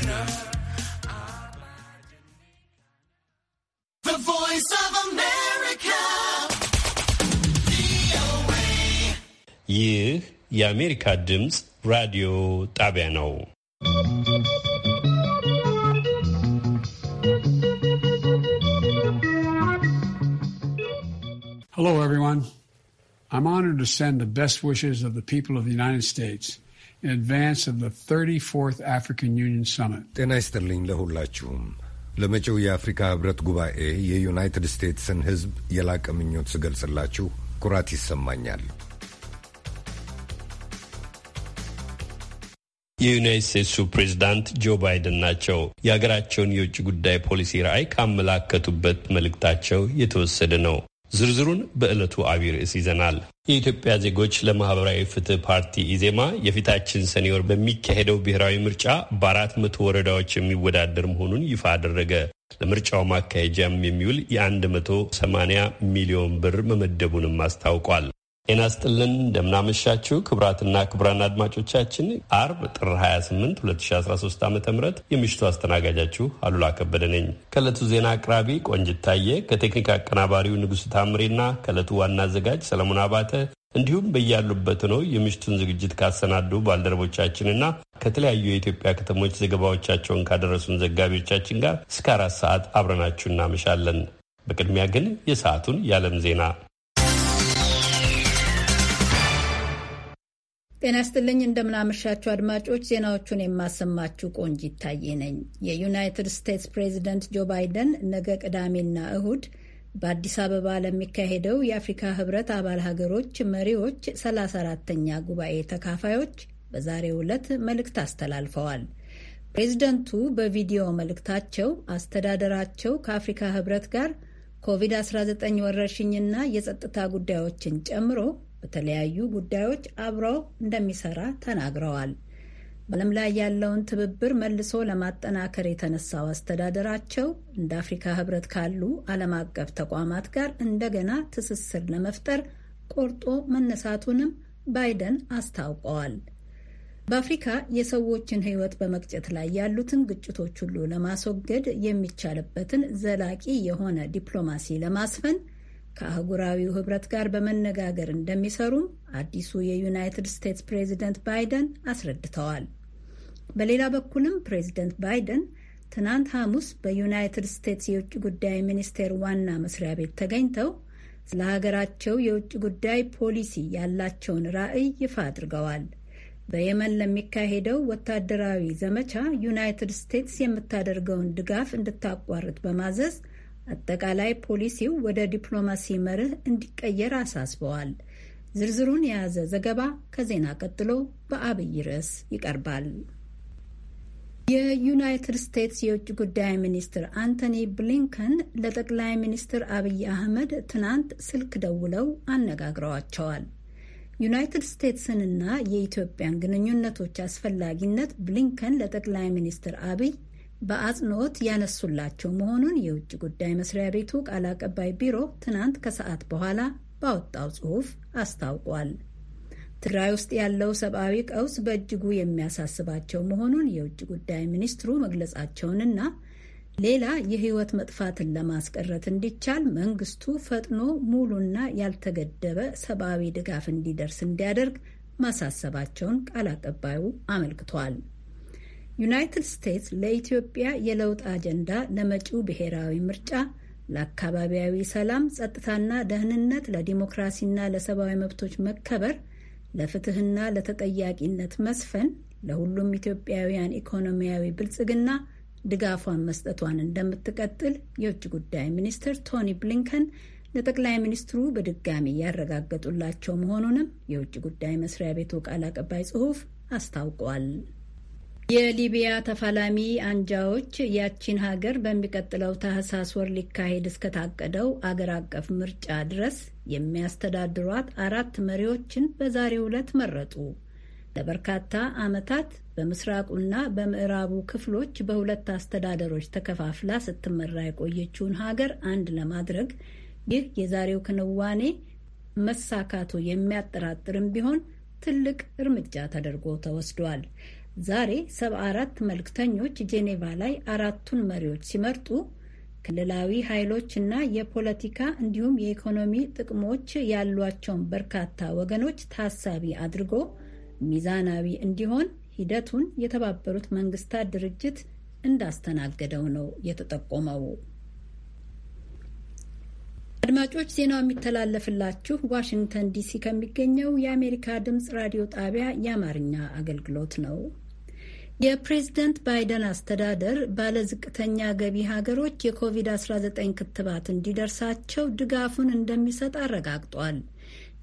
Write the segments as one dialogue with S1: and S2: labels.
S1: The Voice of America.
S2: ይህ የአሜሪካ ድምፅ ራዲዮ ጣቢያ ነው።
S3: Hello, everyone. I'm honored to send the best wishes of the people of the United States.
S4: ጤና ይስጥልኝ ለሁላችሁም። ለመጪው የአፍሪካ ህብረት ጉባኤ የዩናይትድ ስቴትስን ህዝብ የላቀ ምኞት ስገልጽላችሁ ኩራት ይሰማኛል። የዩናይት ስቴትሱ ፕሬዚዳንት
S2: ጆ ባይደን ናቸው። የሀገራቸውን የውጭ ጉዳይ ፖሊሲ ራዕይ ካመላከቱበት መልእክታቸው የተወሰደ ነው። ዝርዝሩን በዕለቱ አቢይ ርዕስ ይዘናል። የኢትዮጵያ ዜጎች ለማህበራዊ ፍትህ ፓርቲ ኢዜማ የፊታችን ሰኔ ወር በሚካሄደው ብሔራዊ ምርጫ በአራት መቶ ወረዳዎች የሚወዳደር መሆኑን ይፋ አደረገ። ለምርጫው ማካሄጃም የሚውል የ180 ሚሊዮን ብር መመደቡንም አስታውቋል። ጤና ስጥልን እንደምናመሻችሁ ክቡራትና ክቡራን አድማጮቻችን አርብ ጥር 28 2013 ዓ ም የምሽቱ አስተናጋጃችሁ አሉላ ከበደ ነኝ። ከእለቱ ዜና አቅራቢ ቆንጅት ታየ፣ ከቴክኒክ አቀናባሪው ንጉሥ ታምሬና ከእለቱ ዋና አዘጋጅ ሰለሞን አባተ እንዲሁም በያሉበት ነው የምሽቱን ዝግጅት ካሰናዱ ባልደረቦቻችንና ከተለያዩ የኢትዮጵያ ከተሞች ዘገባዎቻቸውን ካደረሱን ዘጋቢዎቻችን ጋር እስከ አራት ሰዓት አብረናችሁ እናመሻለን። በቅድሚያ ግን የሰዓቱን የዓለም ዜና
S5: ጤና ስትልኝ እንደምናመሻችሁ አድማጮች፣ ዜናዎቹን የማሰማችሁ ቆንጅ ይታየ ነኝ። የዩናይትድ ስቴትስ ፕሬዚደንት ጆ ባይደን ነገ ቅዳሜና እሁድ በአዲስ አበባ ለሚካሄደው የአፍሪካ ህብረት አባል ሀገሮች መሪዎች 34ተኛ ጉባኤ ተካፋዮች በዛሬው ዕለት መልእክት አስተላልፈዋል። ፕሬዝደንቱ በቪዲዮ መልእክታቸው አስተዳደራቸው ከአፍሪካ ህብረት ጋር ኮቪድ-19 ወረርሽኝና የጸጥታ ጉዳዮችን ጨምሮ በተለያዩ ጉዳዮች አብረው እንደሚሰራ ተናግረዋል። በዓለም ላይ ያለውን ትብብር መልሶ ለማጠናከር የተነሳው አስተዳደራቸው እንደ አፍሪካ ሕብረት ካሉ ዓለም አቀፍ ተቋማት ጋር እንደገና ትስስር ለመፍጠር ቆርጦ መነሳቱንም ባይደን አስታውቀዋል። በአፍሪካ የሰዎችን ሕይወት በመቅጨት ላይ ያሉትን ግጭቶች ሁሉ ለማስወገድ የሚቻልበትን ዘላቂ የሆነ ዲፕሎማሲ ለማስፈን ከአህጉራዊው ህብረት ጋር በመነጋገር እንደሚሰሩም አዲሱ የዩናይትድ ስቴትስ ፕሬዚደንት ባይደን አስረድተዋል። በሌላ በኩልም ፕሬዚደንት ባይደን ትናንት ሐሙስ በዩናይትድ ስቴትስ የውጭ ጉዳይ ሚኒስቴር ዋና መስሪያ ቤት ተገኝተው ስለ ሀገራቸው የውጭ ጉዳይ ፖሊሲ ያላቸውን ራዕይ ይፋ አድርገዋል። በየመን ለሚካሄደው ወታደራዊ ዘመቻ ዩናይትድ ስቴትስ የምታደርገውን ድጋፍ እንድታቋርጥ በማዘዝ አጠቃላይ ፖሊሲው ወደ ዲፕሎማሲ መርህ እንዲቀየር አሳስበዋል። ዝርዝሩን የያዘ ዘገባ ከዜና ቀጥሎ በአብይ ርዕስ ይቀርባል። የዩናይትድ ስቴትስ የውጭ ጉዳይ ሚኒስትር አንቶኒ ብሊንከን ለጠቅላይ ሚኒስትር አብይ አህመድ ትናንት ስልክ ደውለው አነጋግረዋቸዋል። ዩናይትድ ስቴትስንና የኢትዮጵያን ግንኙነቶች አስፈላጊነት ብሊንከን ለጠቅላይ ሚኒስትር አብይ በአጽንኦት ያነሱላቸው መሆኑን የውጭ ጉዳይ መስሪያ ቤቱ ቃል አቀባይ ቢሮ ትናንት ከሰዓት በኋላ ባወጣው ጽሑፍ አስታውቋል። ትግራይ ውስጥ ያለው ሰብአዊ ቀውስ በእጅጉ የሚያሳስባቸው መሆኑን የውጭ ጉዳይ ሚኒስትሩ መግለጻቸውንና ሌላ የሕይወት መጥፋትን ለማስቀረት እንዲቻል መንግስቱ ፈጥኖ ሙሉና ያልተገደበ ሰብአዊ ድጋፍ እንዲደርስ እንዲያደርግ ማሳሰባቸውን ቃል አቀባዩ አመልክቷል። ዩናይትድ ስቴትስ ለኢትዮጵያ የለውጥ አጀንዳ ለመጪው ብሔራዊ ምርጫ ለአካባቢያዊ ሰላም፣ ጸጥታና ደህንነት፣ ለዲሞክራሲና ለሰብአዊ መብቶች መከበር፣ ለፍትህና ለተጠያቂነት መስፈን፣ ለሁሉም ኢትዮጵያውያን ኢኮኖሚያዊ ብልጽግና ድጋፏን መስጠቷን እንደምትቀጥል የውጭ ጉዳይ ሚኒስትር ቶኒ ብሊንከን ለጠቅላይ ሚኒስትሩ በድጋሚ ያረጋገጡላቸው መሆኑንም የውጭ ጉዳይ መስሪያ ቤቱ ቃል አቀባይ ጽሑፍ አስታውቋል። የሊቢያ ተፋላሚ አንጃዎች ያቺን ሀገር በሚቀጥለው ታህሳስ ወር ሊካሄድ እስከታቀደው አገር አቀፍ ምርጫ ድረስ የሚያስተዳድሯት አራት መሪዎችን በዛሬው ዕለት መረጡ። ለበርካታ ዓመታት በምስራቁና በምዕራቡ ክፍሎች በሁለት አስተዳደሮች ተከፋፍላ ስትመራ የቆየችውን ሀገር አንድ ለማድረግ ይህ የዛሬው ክንዋኔ መሳካቱ የሚያጠራጥርም ቢሆን ትልቅ እርምጃ ተደርጎ ተወስዷል። ዛሬ ሰባ አራት መልክተኞች ጄኔቫ ላይ አራቱን መሪዎች ሲመርጡ ክልላዊ ኃይሎች እና የፖለቲካ እንዲሁም የኢኮኖሚ ጥቅሞች ያሏቸውን በርካታ ወገኖች ታሳቢ አድርጎ ሚዛናዊ እንዲሆን ሂደቱን የተባበሩት መንግስታት ድርጅት እንዳስተናገደው ነው የተጠቆመው። አድማጮች ዜናው የሚተላለፍላችሁ ዋሽንግተን ዲሲ ከሚገኘው የአሜሪካ ድምፅ ራዲዮ ጣቢያ የአማርኛ አገልግሎት ነው። የፕሬዝደንት ባይደን አስተዳደር ባለዝቅተኛ ገቢ ሀገሮች የኮቪድ-19 ክትባት እንዲደርሳቸው ድጋፉን እንደሚሰጥ አረጋግጧል።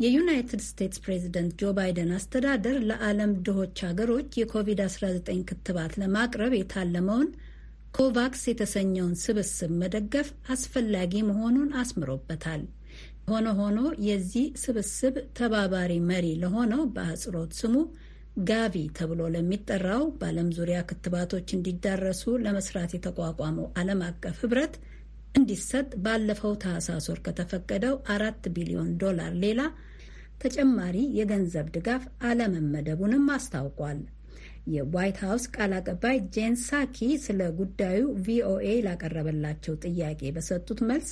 S5: የዩናይትድ ስቴትስ ፕሬዝደንት ጆ ባይደን አስተዳደር ለዓለም ድሆች ሀገሮች የኮቪድ-19 ክትባት ለማቅረብ የታለመውን ኮቫክስ የተሰኘውን ስብስብ መደገፍ አስፈላጊ መሆኑን አስምሮበታል። ሆነ ሆኖ የዚህ ስብስብ ተባባሪ መሪ ለሆነው በአጽሮት ስሙ ጋቪ ተብሎ ለሚጠራው በዓለም ዙሪያ ክትባቶች እንዲዳረሱ ለመስራት የተቋቋመው ዓለም አቀፍ ህብረት እንዲሰጥ ባለፈው ታህሳስ ወር ከተፈቀደው አራት ቢሊዮን ዶላር ሌላ ተጨማሪ የገንዘብ ድጋፍ አለመመደቡንም አስታውቋል። የዋይት ሀውስ ቃል አቀባይ ጄን ሳኪ ስለ ጉዳዩ ቪኦኤ ላቀረበላቸው ጥያቄ በሰጡት መልስ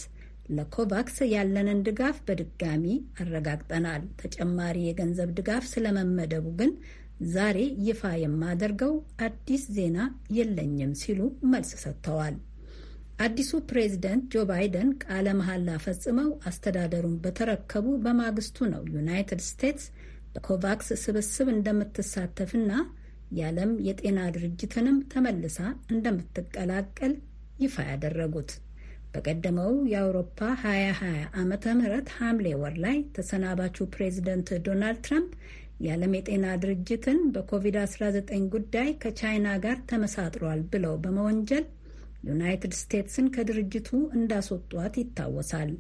S5: ለኮቫክስ ያለንን ድጋፍ በድጋሚ አረጋግጠናል። ተጨማሪ የገንዘብ ድጋፍ ስለመመደቡ ግን ዛሬ ይፋ የማደርገው አዲስ ዜና የለኝም ሲሉ መልስ ሰጥተዋል። አዲሱ ፕሬዚደንት ጆ ባይደን ቃለ መሐላ ፈጽመው አስተዳደሩን በተረከቡ በማግስቱ ነው ዩናይትድ ስቴትስ በኮቫክስ ስብስብ እንደምትሳተፍና የዓለም የጤና ድርጅትንም ተመልሳ እንደምትቀላቀል ይፋ ያደረጉት። በቀደመው የአውሮፓ 2020 ዓመተ ምህረት ሐምሌ ወር ላይ ተሰናባቹ ፕሬዚደንት ዶናልድ ትራምፕ የዓለም የጤና ድርጅትን በኮቪድ-19 ጉዳይ ከቻይና ጋር ተመሳጥሯል ብለው በመወንጀል ዩናይትድ ስቴትስን ከድርጅቱ እንዳስወጧት ይታወሳል።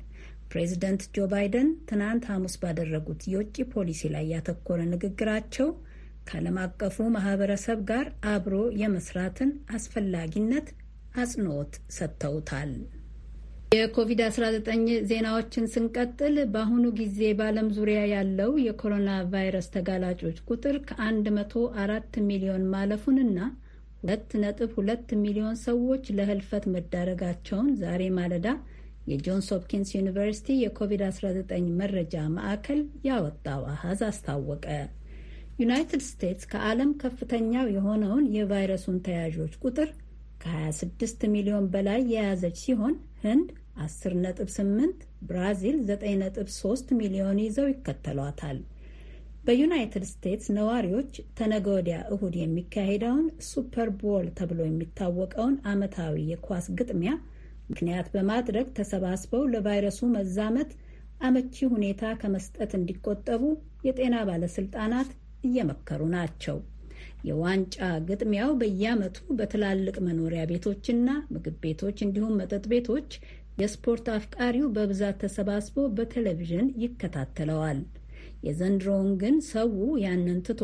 S5: ፕሬዚደንት ጆ ባይደን ትናንት ሐሙስ ባደረጉት የውጭ ፖሊሲ ላይ ያተኮረ ንግግራቸው ከዓለም አቀፉ ማህበረሰብ ጋር አብሮ የመስራትን አስፈላጊነት አጽንኦት ሰጥተውታል። የኮቪድ-19 ዜናዎችን ስንቀጥል በአሁኑ ጊዜ በዓለም ዙሪያ ያለው የኮሮና ቫይረስ ተጋላጮች ቁጥር ከ104 ሚሊዮን ማለፉንና 2.2 ሚሊዮን ሰዎች ለህልፈት መዳረጋቸውን ዛሬ ማለዳ የጆንስ ሆፕኪንስ ዩኒቨርሲቲ የኮቪድ-19 መረጃ ማዕከል ያወጣው አሃዝ አስታወቀ። ዩናይትድ ስቴትስ ከዓለም ከፍተኛው የሆነውን የቫይረሱን ተያዦች ቁጥር ከ26 ሚሊዮን በላይ የያዘች ሲሆን ህንድ 10.8፣ ብራዚል 9.3 ሚሊዮን ይዘው ይከተሏታል። በዩናይትድ ስቴትስ ነዋሪዎች ተነገ ወዲያ እሁድ የሚካሄደውን ሱፐር ቦል ተብሎ የሚታወቀውን ዓመታዊ የኳስ ግጥሚያ ምክንያት በማድረግ ተሰባስበው ለቫይረሱ መዛመት አመቺ ሁኔታ ከመስጠት እንዲቆጠቡ የጤና ባለስልጣናት እየመከሩ ናቸው። የዋንጫ ግጥሚያው በየዓመቱ በትላልቅ መኖሪያ ቤቶችና ምግብ ቤቶች እንዲሁም መጠጥ ቤቶች የስፖርት አፍቃሪው በብዛት ተሰባስቦ በቴሌቪዥን ይከታተለዋል። የዘንድሮውን ግን ሰው ያንን ትቶ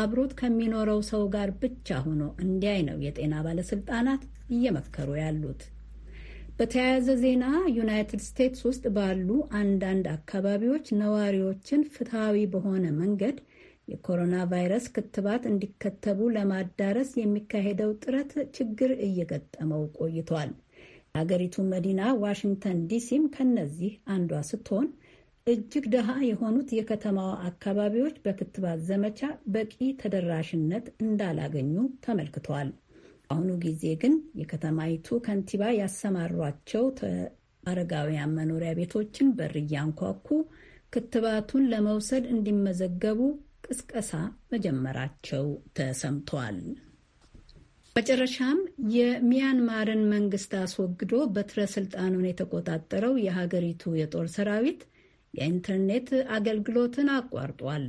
S5: አብሮት ከሚኖረው ሰው ጋር ብቻ ሆኖ እንዲያይ ነው የጤና ባለስልጣናት እየመከሩ ያሉት። በተያያዘ ዜና ዩናይትድ ስቴትስ ውስጥ ባሉ አንዳንድ አካባቢዎች ነዋሪዎችን ፍትሐዊ በሆነ መንገድ የኮሮና ቫይረስ ክትባት እንዲከተቡ ለማዳረስ የሚካሄደው ጥረት ችግር እየገጠመው ቆይቷል። የሀገሪቱ መዲና ዋሽንግተን ዲሲም ከነዚህ አንዷ ስትሆን እጅግ ደሃ የሆኑት የከተማዋ አካባቢዎች በክትባት ዘመቻ በቂ ተደራሽነት እንዳላገኙ ተመልክቷል። በአሁኑ ጊዜ ግን የከተማይቱ ከንቲባ ያሰማሯቸው አረጋውያን መኖሪያ ቤቶችን በር እያንኳኩ ክትባቱን ለመውሰድ እንዲመዘገቡ ቅስቀሳ መጀመራቸው ተሰምቷል። መጨረሻም የሚያንማርን መንግስት አስወግዶ በትረ ስልጣኑን የተቆጣጠረው የሀገሪቱ የጦር ሰራዊት የኢንተርኔት አገልግሎትን አቋርጧል።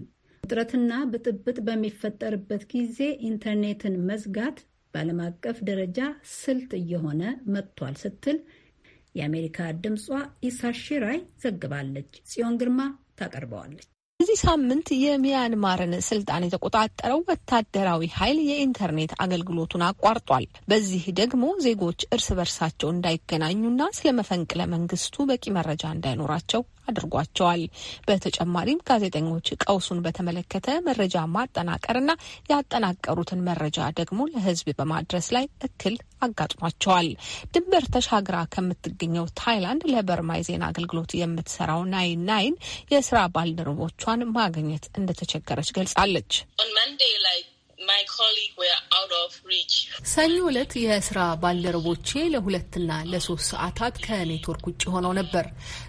S5: ውጥረትና ብጥብጥ በሚፈጠርበት ጊዜ ኢንተርኔትን መዝጋት በዓለም አቀፍ ደረጃ ስልት እየሆነ መጥቷል ስትል የአሜሪካ ድምጿ ኢሳሺራይ ዘግባለች። ጽዮን ግርማ ታቀርበዋለች።
S6: በዚህ ሳምንት የሚያንማርን ስልጣን የተቆጣጠረው ወታደራዊ ኃይል የኢንተርኔት አገልግሎቱን አቋርጧል። በዚህ ደግሞ ዜጎች እርስ በርሳቸው እንዳይገናኙና ስለ መፈንቅለ መንግስቱ በቂ መረጃ እንዳይኖራቸው አድርጓቸዋል። በተጨማሪም ጋዜጠኞች ቀውሱን በተመለከተ መረጃ ማጠናቀርና ያጠናቀሩትን መረጃ ደግሞ ለሕዝብ በማድረስ ላይ እክል አጋጥሟቸዋል። ድንበር ተሻግራ ከምትገኘው ታይላንድ ለበርማ የዜና አገልግሎት የምትሰራው ናይን ናይን የስራ ባልደረቦቿን ማግኘት እንደተቸገረች ገልጻለች። ሰኞ ዕለት የስራ ባልደረቦቼ ለሁለትና ለሶስት ሰዓታት ከኔትወርክ ውጭ ሆነው ነበር።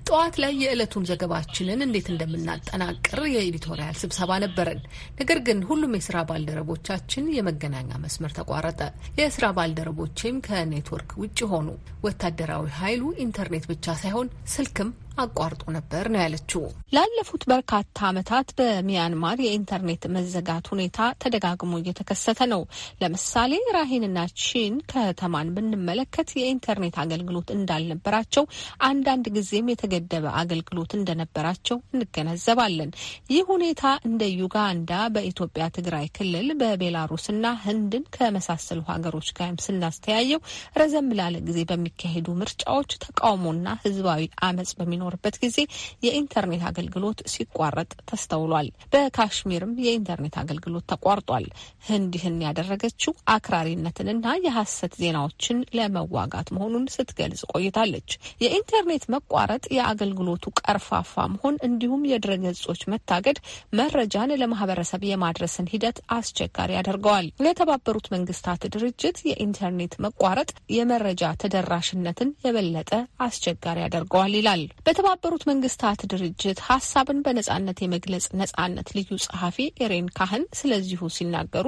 S6: ጠዋት ላይ የዕለቱን ዘገባችንን እንዴት እንደምናጠናቅር የኤዲቶሪያል ስብሰባ ነበረን። ነገር ግን ሁሉም የስራ ባልደረቦቻችን የመገናኛ መስመር ተቋረጠ። የስራ ባልደረቦቼም ከኔትወርክ ውጭ ሆኑ። ወታደራዊ ኃይሉ ኢንተርኔት ብቻ ሳይሆን ስልክም አቋርጦ ነበር ነው ያለችው። ላለፉት በርካታ ዓመታት በሚያንማር የኢንተርኔት መዘጋት ሁኔታ ተደጋግሞ እየተከሰተ ነው። ለምሳሌ ራሂንና ቺን ከተማን ብንመለከት የኢንተርኔት አገልግሎት እንዳልነበራቸው፣ አንዳንድ ጊዜም የተገደበ አገልግሎት እንደነበራቸው እንገነዘባለን። ይህ ሁኔታ እንደ ዩጋንዳ፣ በኢትዮጵያ ትግራይ ክልል፣ በቤላሩስና ህንድን ከመሳሰሉ ሀገሮች ጋርም ስናስተያየው ረዘም ላለ ጊዜ በሚካሄዱ ምርጫዎች ተቃውሞና ህዝባዊ አመጽ በሚኖ በሚኖርበት ጊዜ የኢንተርኔት አገልግሎት ሲቋረጥ ተስተውሏል። በካሽሚርም የኢንተርኔት አገልግሎት ተቋርጧል። ህንድ ይህን ያደረገችው አክራሪነትንና የሐሰት ዜናዎችን ለመዋጋት መሆኑን ስትገልጽ ቆይታለች። የኢንተርኔት መቋረጥ፣ የአገልግሎቱ ቀርፋፋ መሆን እንዲሁም የድረ ገጾች መታገድ መረጃን ለማህበረሰብ የማድረስን ሂደት አስቸጋሪ ያደርገዋል። የተባበሩት መንግስታት ድርጅት የኢንተርኔት መቋረጥ የመረጃ ተደራሽነትን የበለጠ አስቸጋሪ ያደርገዋል ይላል። በተባበሩት መንግስታት ድርጅት ሀሳብን በነጻነት የመግለጽ ነጻነት ልዩ ጸሐፊ ኤሬን ካህን ስለዚሁ ሲናገሩ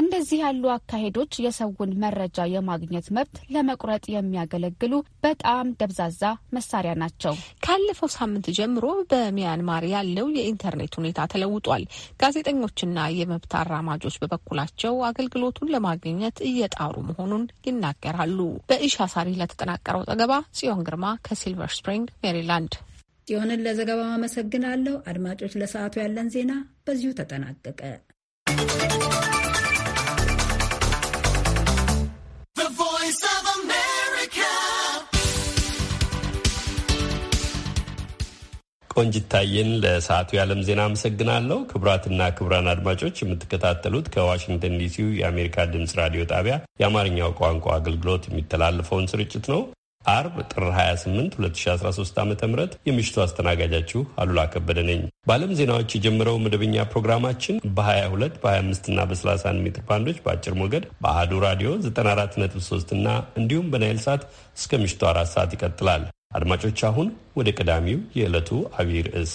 S6: እንደዚህ ያሉ አካሄዶች የሰውን መረጃ የማግኘት መብት ለመቁረጥ የሚያገለግሉ በጣም ደብዛዛ መሳሪያ ናቸው። ካለፈው ሳምንት ጀምሮ በሚያንማር ያለው የኢንተርኔት ሁኔታ ተለውጧል። ጋዜጠኞችና የመብት አራማጆች በበኩላቸው አገልግሎቱን ለማግኘት እየጣሩ መሆኑን ይናገራሉ። በኢሻሳሪ
S5: ለተጠናቀረው ዘገባ ጽዮን ግርማ ከሲልቨር ስፕሪንግ ሜሪላንድ ጽዮንን ለዘገባው አመሰግናለሁ። አድማጮች፣ ለሰዓቱ ያለን ዜና በዚሁ ተጠናቀቀ።
S2: ቆንጅታየን ለሰዓቱ የዓለም ዜና አመሰግናለሁ። ክቡራትና ክቡራን አድማጮች የምትከታተሉት ከዋሽንግተን ዲሲው የአሜሪካ ድምፅ ራዲዮ ጣቢያ የአማርኛው ቋንቋ አገልግሎት የሚተላለፈውን ስርጭት ነው። አርብ ጥር 28 2013 ዓ ም የምሽቱ አስተናጋጃችሁ አሉላ ከበደ ነኝ። በዓለም ዜናዎች የጀመረው መደበኛ ፕሮግራማችን በ22 በ25 እና በ31 ሜትር ባንዶች በአጭር ሞገድ በአህዱ ራዲዮ 943 እና እንዲሁም በናይል ሰዓት እስከ ምሽቱ አራት ሰዓት ይቀጥላል። አድማጮች አሁን ወደ ቀዳሚው የዕለቱ አብይ ርዕስ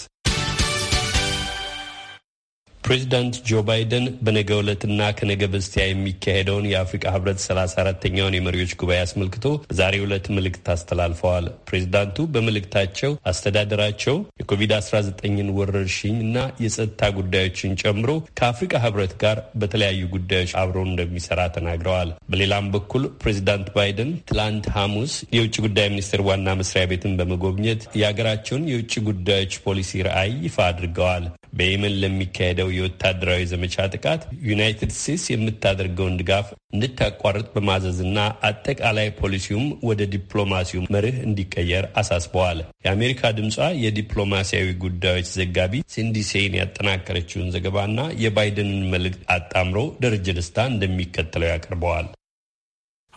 S2: ፕሬዚዳንት ጆ ባይደን በነገ ዕለትና ከነገ በስቲያ የሚካሄደውን የአፍሪካ ህብረት ሰላሳ 4ተኛውን የመሪዎች ጉባኤ አስመልክቶ በዛሬ ዕለት ምልክት አስተላልፈዋል። ፕሬዚዳንቱ በምልክታቸው አስተዳደራቸው የኮቪድ-19ን ወረርሽኝ እና የጸጥታ ጉዳዮችን ጨምሮ ከአፍሪካ ህብረት ጋር በተለያዩ ጉዳዮች አብሮ እንደሚሰራ ተናግረዋል። በሌላም በኩል ፕሬዚዳንት ባይደን ትላንት ሐሙስ የውጭ ጉዳይ ሚኒስቴር ዋና መስሪያ ቤትን በመጎብኘት የሀገራቸውን የውጭ ጉዳዮች ፖሊሲ ራዕይ ይፋ አድርገዋል። በየመን ለሚካሄደው የወታደራዊ ዘመቻ ጥቃት ዩናይትድ ስቴትስ የምታደርገውን ድጋፍ እንድታቋርጥ በማዘዝና አጠቃላይ ፖሊሲውም ወደ ዲፕሎማሲው መርህ እንዲቀየር አሳስበዋል። የአሜሪካ ድምጿ የዲፕሎማሲያዊ ጉዳዮች ዘጋቢ ሲንዲሴይን ያጠናከረችውን ዘገባና የባይደንን መልእክት አጣምሮ ደረጀ ደስታ እንደሚከተለው ያቀርበዋል።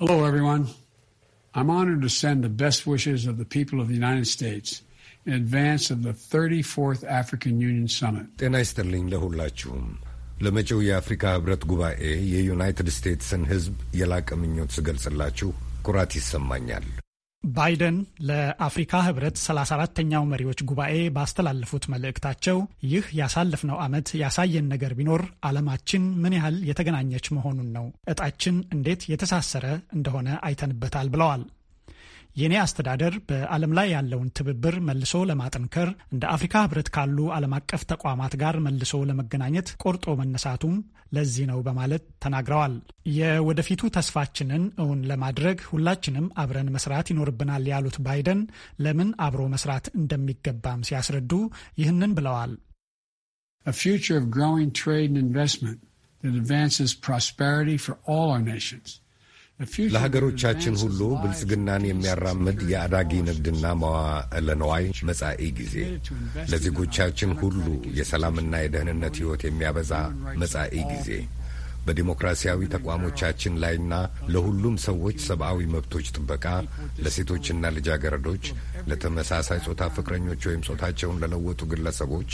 S3: Hello everyone. I'm honored to send the best wishes of the people of the United States.
S4: ጤና ይስጥልኝ ለሁላችሁም። ለመጪው የአፍሪካ ህብረት ጉባኤ የዩናይትድ ስቴትስን ህዝብ የላቀ ምኞት ስገልጽላችሁ ኩራት ይሰማኛል።
S7: ባይደን ለአፍሪካ ህብረት 34ተኛው መሪዎች ጉባኤ ባስተላለፉት መልእክታቸው ይህ ያሳለፍነው ዓመት ያሳየን ነገር ቢኖር ዓለማችን ምን ያህል የተገናኘች መሆኑን ነው፣ እጣችን እንዴት የተሳሰረ እንደሆነ አይተንበታል ብለዋል። የኔ አስተዳደር በዓለም ላይ ያለውን ትብብር መልሶ ለማጠንከር እንደ አፍሪካ ህብረት ካሉ ዓለም አቀፍ ተቋማት ጋር መልሶ ለመገናኘት ቆርጦ መነሳቱም ለዚህ ነው በማለት ተናግረዋል። የወደፊቱ ተስፋችንን እውን ለማድረግ ሁላችንም አብረን መስራት ይኖርብናል ያሉት ባይደን ለምን አብሮ መስራት እንደሚገባም ሲያስረዱ
S3: ይህንን ብለዋል። A future of growing trade and investment that advances prosperity for all our nations. ለሀገሮቻችን
S4: ሁሉ ብልጽግናን የሚያራምድ የአዳጊ ንግድና መዋዕለ ነዋይ መጻኢ ጊዜ፣ ለዜጎቻችን ሁሉ የሰላምና የደህንነት ሕይወት የሚያበዛ መጻኢ ጊዜ፣ በዲሞክራሲያዊ ተቋሞቻችን ላይና ለሁሉም ሰዎች ሰብአዊ መብቶች ጥበቃ፣ ለሴቶችና ልጃገረዶች፣ ለተመሳሳይ ጾታ ፍቅረኞች ወይም ጾታቸውን ለለወጡ ግለሰቦች፣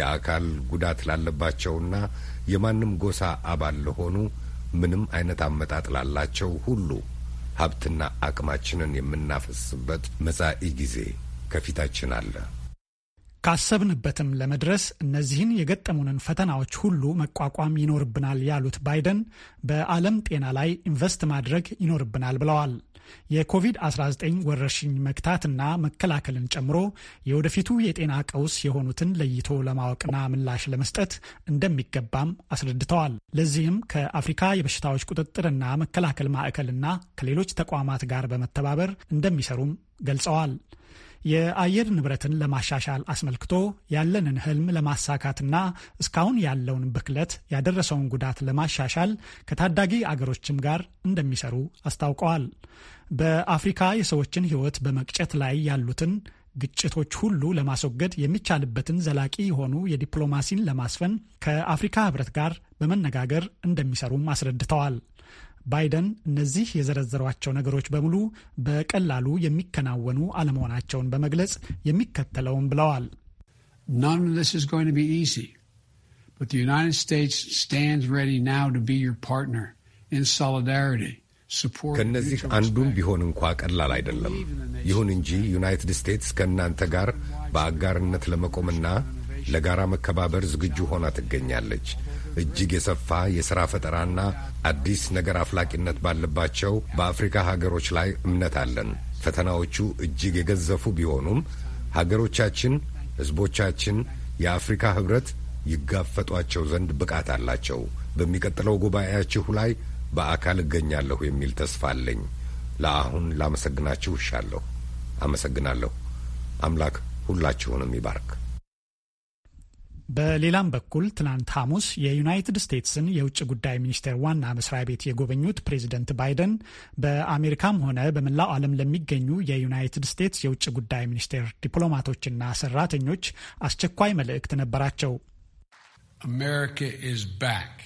S4: የአካል ጉዳት ላለባቸውና የማንም ጎሳ አባል ለሆኑ ምንም አይነት አመጣጥ ላላቸው ሁሉ ሀብትና አቅማችንን የምናፈስበት መጻኢ ጊዜ ከፊታችን አለ።
S7: ካሰብንበትም ለመድረስ እነዚህን የገጠሙንን ፈተናዎች ሁሉ መቋቋም ይኖርብናል ያሉት ባይደን በዓለም ጤና ላይ ኢንቨስት ማድረግ ይኖርብናል ብለዋል። የኮቪድ-19 ወረርሽኝ መግታትና መከላከልን ጨምሮ የወደፊቱ የጤና ቀውስ የሆኑትን ለይቶ ለማወቅና ምላሽ ለመስጠት እንደሚገባም አስረድተዋል። ለዚህም ከአፍሪካ የበሽታዎች ቁጥጥርና መከላከል ማዕከልና ከሌሎች ተቋማት ጋር በመተባበር እንደሚሰሩም ገልጸዋል። የአየር ንብረትን ለማሻሻል አስመልክቶ ያለንን ህልም ለማሳካትና እስካሁን ያለውን ብክለት ያደረሰውን ጉዳት ለማሻሻል ከታዳጊ አገሮችም ጋር እንደሚሰሩ አስታውቀዋል። በአፍሪካ የሰዎችን ህይወት በመቅጨት ላይ ያሉትን ግጭቶች ሁሉ ለማስወገድ የሚቻልበትን ዘላቂ የሆኑ የዲፕሎማሲን ለማስፈን ከአፍሪካ ህብረት ጋር በመነጋገር እንደሚሰሩም አስረድተዋል። ባይደን እነዚህ የዘረዘሯቸው ነገሮች በሙሉ በቀላሉ የሚከናወኑ አለመሆናቸውን በመግለጽ የሚከተለውን ብለዋል።
S3: ከእነዚህ
S4: አንዱም ቢሆን እንኳ ቀላል አይደለም። ይሁን እንጂ ዩናይትድ ስቴትስ ከእናንተ ጋር በአጋርነት ለመቆምና ለጋራ መከባበር ዝግጁ ሆና ትገኛለች። እጅግ የሰፋ የሥራ ፈጠራና አዲስ ነገር አፍላቂነት ባለባቸው በአፍሪካ ሀገሮች ላይ እምነት አለን። ፈተናዎቹ እጅግ የገዘፉ ቢሆኑም ሀገሮቻችን፣ ሕዝቦቻችን የአፍሪካ ኅብረት ይጋፈጧቸው ዘንድ ብቃት አላቸው። በሚቀጥለው ጉባኤያችሁ ላይ በአካል እገኛለሁ የሚል ተስፋ አለኝ። ለአሁን ላመሰግናችሁ እሻለሁ። አመሰግናለሁ። አምላክ ሁላችሁንም ይባርክ።
S7: በሌላም በኩል ትናንት ሐሙስ የዩናይትድ ስቴትስን የውጭ ጉዳይ ሚኒስቴር ዋና መስሪያ ቤት የጎበኙት ፕሬዚደንት ባይደን በአሜሪካም ሆነ በመላው ዓለም ለሚገኙ የዩናይትድ ስቴትስ የውጭ ጉዳይ ሚኒስቴር ዲፕሎማቶችና ሰራተኞች
S3: አስቸኳይ መልእክት ነበራቸው። አሜሪካ ኢዝ ባክ፣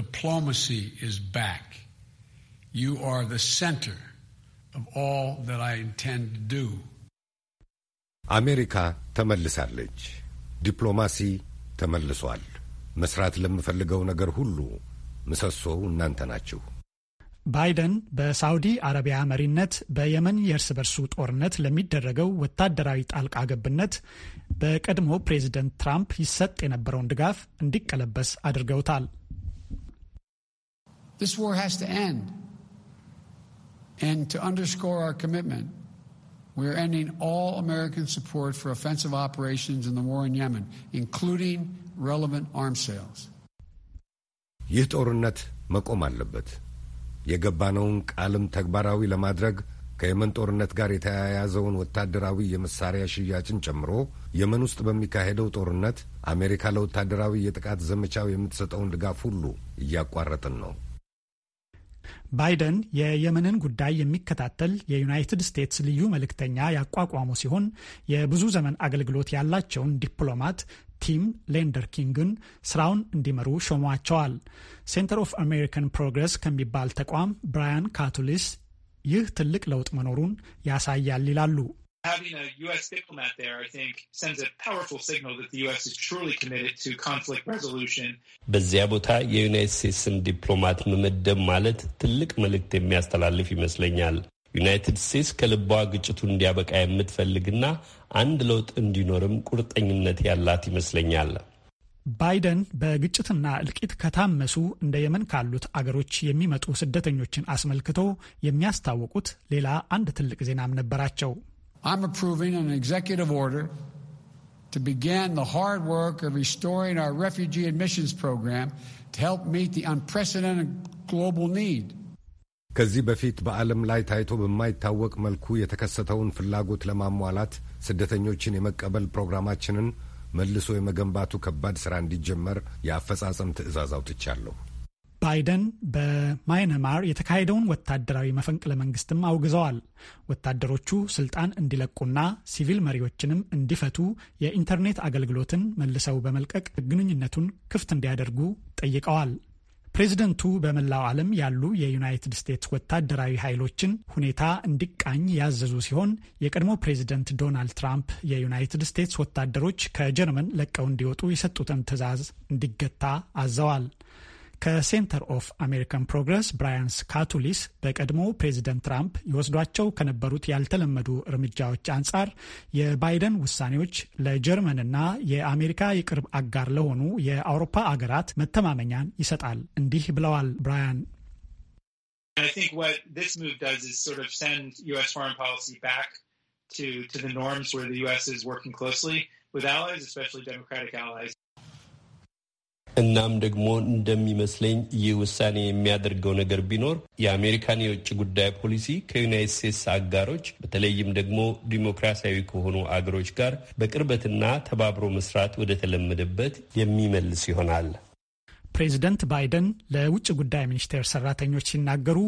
S3: ዲፕሎማሲ ኢዝ ባክ፣ ዩ አር ዘ ሴንተር ኦፍ ኦል ዛት አይ ኢንቴንድ ዱ።
S4: አሜሪካ ተመልሳለች ዲፕሎማሲ ተመልሷል። መስራት ለምፈልገው ነገር ሁሉ ምሰሶው እናንተ ናችሁ።
S7: ባይደን በሳውዲ አረቢያ መሪነት በየመን የእርስ በርሱ ጦርነት ለሚደረገው ወታደራዊ ጣልቃ ገብነት በቀድሞ ፕሬዚደንት ትራምፕ ይሰጥ የነበረውን ድጋፍ እንዲቀለበስ አድርገውታል።
S3: This war has to end and to underscore our commitment We are ending all American support for offensive operations in the war in Yemen, including relevant arms sales.
S4: ይህ ጦርነት መቆም አለበት። የገባነውን ቃልም ተግባራዊ ለማድረግ ከየመን ጦርነት ጋር የተያያዘውን ወታደራዊ የመሳሪያ ሽያጭን ጨምሮ የመን ውስጥ በሚካሄደው ጦርነት አሜሪካ ለወታደራዊ የጥቃት ዘመቻው የምትሰጠውን ድጋፍ ሁሉ እያቋረጥን ነው።
S7: ባይደን የየመንን ጉዳይ የሚከታተል የዩናይትድ ስቴትስ ልዩ መልእክተኛ ያቋቋሙ ሲሆን የብዙ ዘመን አገልግሎት ያላቸውን ዲፕሎማት ቲም ሌንደር ኪንግን ስራውን እንዲመሩ ሾሟቸዋል። ሴንተር ኦፍ አሜሪካን ፕሮግረስ ከሚባል ተቋም ብራያን ካቱሊስ ይህ ትልቅ ለውጥ መኖሩን ያሳያል ይላሉ።
S2: having a U.S. diplomat there, I think, sends a powerful signal that the U.S. is truly committed to conflict resolution. በዚያ ቦታ የዩናይት ስቴትስን ዲፕሎማት መመደብ ማለት ትልቅ መልእክት የሚያስተላልፍ ይመስለኛል። ዩናይትድ ስቴትስ ከልቧ ግጭቱ እንዲያበቃ የምትፈልግና አንድ ለውጥ እንዲኖርም ቁርጠኝነት ያላት ይመስለኛል።
S7: ባይደን በግጭትና እልቂት ከታመሱ እንደ የመን ካሉት አገሮች የሚመጡ ስደተኞችን አስመልክቶ የሚያስታውቁት ሌላ አንድ
S3: ትልቅ ዜናም ነበራቸው። I'm approving an executive order to begin the hard work of restoring our refugee admissions program to help meet the unprecedented global need.
S4: ከዚህ በፊት በዓለም ላይ ታይቶ በማይታወቅ መልኩ የተከሰተውን ፍላጎት ለማሟላት ስደተኞችን የመቀበል ፕሮግራማችንን መልሶ የመገንባቱ ከባድ ሥራ እንዲጀመር የአፈጻጸም ትዕዛዝ አውጥቻለሁ።
S7: ባይደን በማይነማር የተካሄደውን ወታደራዊ መፈንቅለ መንግስትም አውግዘዋል። ወታደሮቹ ስልጣን እንዲለቁና ሲቪል መሪዎችንም እንዲፈቱ የኢንተርኔት አገልግሎትን መልሰው በመልቀቅ ግንኙነቱን ክፍት እንዲያደርጉ ጠይቀዋል። ፕሬዝደንቱ በመላው ዓለም ያሉ የዩናይትድ ስቴትስ ወታደራዊ ኃይሎችን ሁኔታ እንዲቃኝ ያዘዙ ሲሆን የቀድሞ ፕሬዝደንት ዶናልድ ትራምፕ የዩናይትድ ስቴትስ ወታደሮች ከጀርመን ለቀው እንዲወጡ የሰጡትን ትዕዛዝ እንዲገታ አዘዋል። ከሴንተር ኦፍ አሜሪካን ፕሮግረስ ብራያን ስካቱሊስ በቀድሞ ፕሬዚደንት ትራምፕ ይወስዷቸው ከነበሩት ያልተለመዱ እርምጃዎች አንጻር የባይደን ውሳኔዎች ለጀርመንና የአሜሪካ የቅርብ አጋር ለሆኑ የአውሮፓ አገራት መተማመኛን ይሰጣል። እንዲህ ብለዋል ብራያን
S2: To, to the norms where the U.S. is working closely with allies, especially Democratic allies. እናም ደግሞ እንደሚመስለኝ ይህ ውሳኔ የሚያደርገው ነገር ቢኖር የአሜሪካን የውጭ ጉዳይ ፖሊሲ ከዩናይት ስቴትስ አጋሮች በተለይም ደግሞ ዲሞክራሲያዊ ከሆኑ አገሮች ጋር በቅርበትና ተባብሮ መስራት ወደ ተለመደበት የሚመልስ ይሆናል።
S7: ፕሬዚደንት ባይደን ለውጭ ጉዳይ ሚኒስቴር ሰራተኞች ሲናገሩ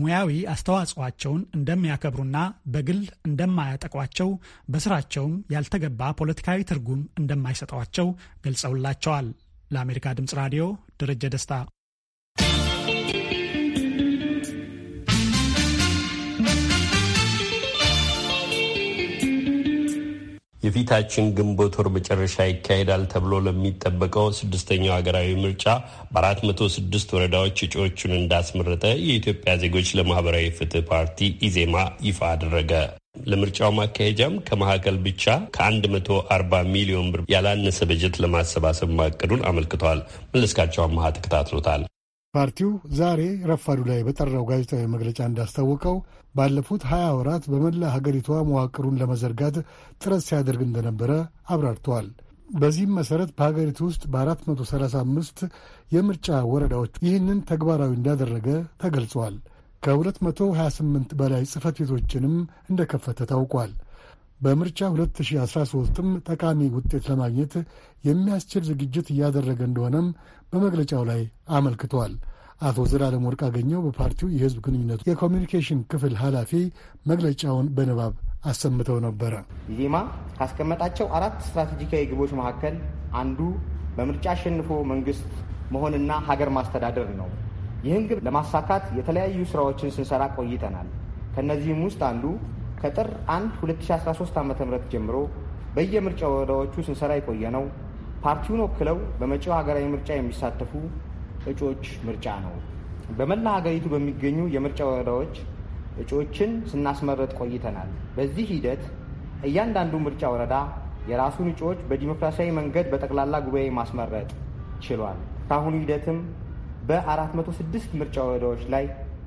S7: ሙያዊ አስተዋጽኦአቸውን እንደሚያከብሩና በግል እንደማያጠቋቸው በስራቸውም ያልተገባ ፖለቲካዊ ትርጉም እንደማይሰጧቸው ገልጸውላቸዋል። ለአሜሪካ ድምፅ ራዲዮ ደረጀ ደስታ።
S2: የፊታችን ግንቦት ወር መጨረሻ ይካሄዳል ተብሎ ለሚጠበቀው ስድስተኛው ሀገራዊ ምርጫ በአራት መቶ ስድስት ወረዳዎች እጩዎቹን እንዳስመረጠ የኢትዮጵያ ዜጎች ለማህበራዊ ፍትህ ፓርቲ ኢዜማ ይፋ አደረገ። ለምርጫው ማካሄጃም ከማዕከል ብቻ ከ140 ሚሊዮን ብር ያላነሰ በጀት ለማሰባሰብ ማቀዱን አመልክተዋል። መለስካቸው አመሃ ተከታትሎታል።
S8: ፓርቲው ዛሬ ረፋዱ ላይ በጠራው ጋዜጣዊ መግለጫ እንዳስታወቀው ባለፉት 20 ወራት በመላ ሀገሪቷ መዋቅሩን ለመዘርጋት ጥረት ሲያደርግ እንደነበረ አብራርተዋል። በዚህም መሰረት በሀገሪቱ ውስጥ በ435 የምርጫ ወረዳዎች ይህንን ተግባራዊ እንዳደረገ ተገልጿል። ከ228 በላይ ጽህፈት ቤቶችንም እንደከፈተ ታውቋል። በምርጫ 2013ም ጠቃሚ ውጤት ለማግኘት የሚያስችል ዝግጅት እያደረገ እንደሆነም በመግለጫው ላይ አመልክቷል። አቶ ዘላለም ወርቅ አገኘው በፓርቲው የህዝብ ግንኙነቱ የኮሚኒኬሽን ክፍል ኃላፊ መግለጫውን በንባብ አሰምተው ነበረ።
S9: ኢዜማ ካስቀመጣቸው አራት ስትራቴጂካዊ ግቦች መካከል አንዱ በምርጫ አሸንፎ መንግስት መሆንና ሀገር ማስተዳደር ነው። ይህን ግብ ለማሳካት የተለያዩ ስራዎችን ስንሰራ ቆይተናል። ከእነዚህም ውስጥ አንዱ ከጥር 1 2013 ዓ ም ጀምሮ በየምርጫ ወረዳዎቹ ስንሰራ የቆየ ነው ፓርቲውን ወክለው በመጪው ሀገራዊ ምርጫ የሚሳተፉ እጩዎች ምርጫ ነው። በመላ ሀገሪቱ በሚገኙ የምርጫ ወረዳዎች እጩዎችን ስናስመረጥ ቆይተናል። በዚህ ሂደት እያንዳንዱ ምርጫ ወረዳ የራሱን እጩዎች በዲሞክራሲያዊ መንገድ በጠቅላላ ጉባኤ ማስመረጥ ችሏል። ከአሁኑ ሂደትም በ406 ምርጫ ወረዳዎች ላይ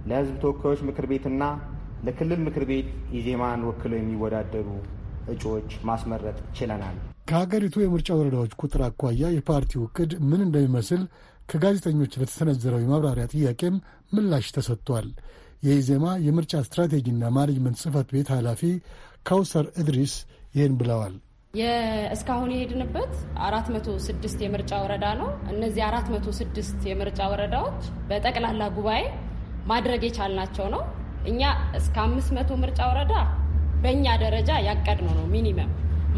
S9: ለህዝብ ተወካዮች ምክር ቤትና ለክልል ምክር ቤት ኢዜማን ወክለው የሚወዳደሩ እጩዎች ማስመረጥ ችለናል።
S8: ከሀገሪቱ የምርጫ ወረዳዎች ቁጥር አኳያ የፓርቲው እቅድ ምን እንደሚመስል ከጋዜጠኞች ለተሰነዘረው የማብራሪያ ጥያቄም ምላሽ ተሰጥቷል። የኢዜማ የምርጫ ስትራቴጂና ማኔጅመንት ጽህፈት ቤት ኃላፊ ካውሰር እድሪስ ይህን ብለዋል።
S10: እስካሁን የሄድንበት አራት መቶ ስድስት የምርጫ ወረዳ ነው። እነዚህ አራት መቶ ስድስት የምርጫ ወረዳዎች በጠቅላላ ጉባኤ ማድረግ የቻልናቸው ነው። እኛ እስከ 500 መቶ ምርጫ ወረዳ በእኛ ደረጃ ያቀድነው ነው ሚኒመም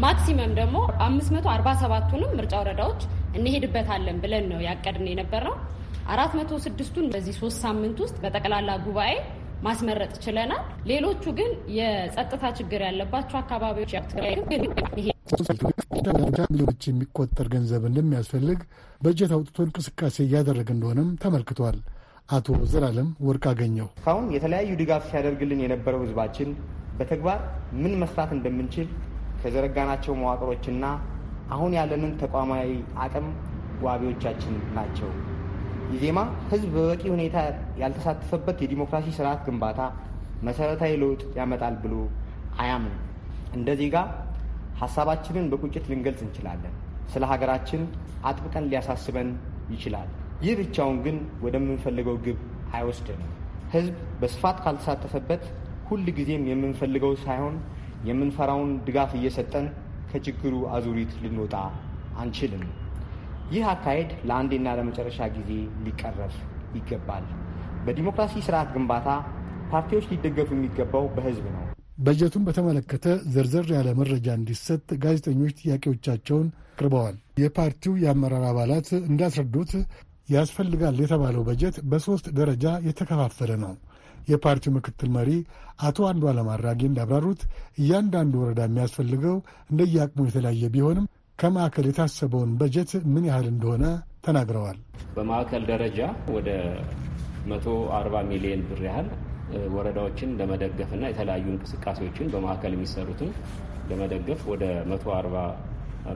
S10: ማክሲመም ደግሞ 547ቱንም ምርጫ ወረዳዎች እንሄድበታለን ብለን ነው ያቀድን የነበረው። 406ቱን በዚህ ሶስት ሳምንት ውስጥ በጠቅላላ ጉባኤ ማስመረጥ ችለናል። ሌሎቹ ግን የጸጥታ ችግር ያለባቸው አካባቢዎች
S8: ሚሊዮኖች የሚቆጠር ገንዘብ እንደሚያስፈልግ በጀት አውጥቶ እንቅስቃሴ እያደረገ እንደሆነም ተመልክቷል። አቶ ዘላለም ወርቅ አገኘው
S9: እስካሁን የተለያዩ ድጋፍ ሲያደርግልን የነበረው ህዝባችን በተግባር ምን መስራት እንደምንችል ከዘረጋናቸው መዋቅሮችና አሁን ያለንን ተቋማዊ አቅም ዋቢዎቻችን ናቸው። ኢዜማ ህዝብ በበቂ ሁኔታ ያልተሳተፈበት የዲሞክራሲ ስርዓት ግንባታ መሰረታዊ ለውጥ ያመጣል ብሎ አያምንም። እንደ ዜጋ ሀሳባችንን በቁጭት ልንገልጽ እንችላለን። ስለ ሀገራችን አጥብቀን ሊያሳስበን ይችላል። ይህ ብቻውን ግን ወደምንፈልገው ግብ አይወስድንም። ህዝብ በስፋት ካልተሳተፈበት ሁል ጊዜም የምንፈልገው ሳይሆን የምንፈራውን ድጋፍ እየሰጠን ከችግሩ አዙሪት ልንወጣ አንችልም። ይህ አካሄድ ለአንዴና ለመጨረሻ ጊዜ ሊቀረፍ ይገባል። በዲሞክራሲ ስርዓት ግንባታ ፓርቲዎች ሊደገፉ የሚገባው በህዝብ ነው።
S8: በጀቱን በተመለከተ ዘርዘር ያለ መረጃ እንዲሰጥ ጋዜጠኞች ጥያቄዎቻቸውን አቅርበዋል። የፓርቲው የአመራር አባላት እንዳስረዱት ያስፈልጋል የተባለው በጀት በሦስት ደረጃ የተከፋፈለ ነው። የፓርቲው ምክትል መሪ አቶ አንዷለም አራጌ እንዳብራሩት እያንዳንዱ ወረዳ የሚያስፈልገው እንደየአቅሙ የተለያየ ቢሆንም ከማዕከል የታሰበውን በጀት ምን ያህል እንደሆነ ተናግረዋል።
S2: በማዕከል ደረጃ ወደ 140 ሚሊዮን ብር ያህል ወረዳዎችን ለመደገፍና የተለያዩ እንቅስቃሴዎችን በማዕከል የሚሰሩትን ለመደገፍ ወደ 140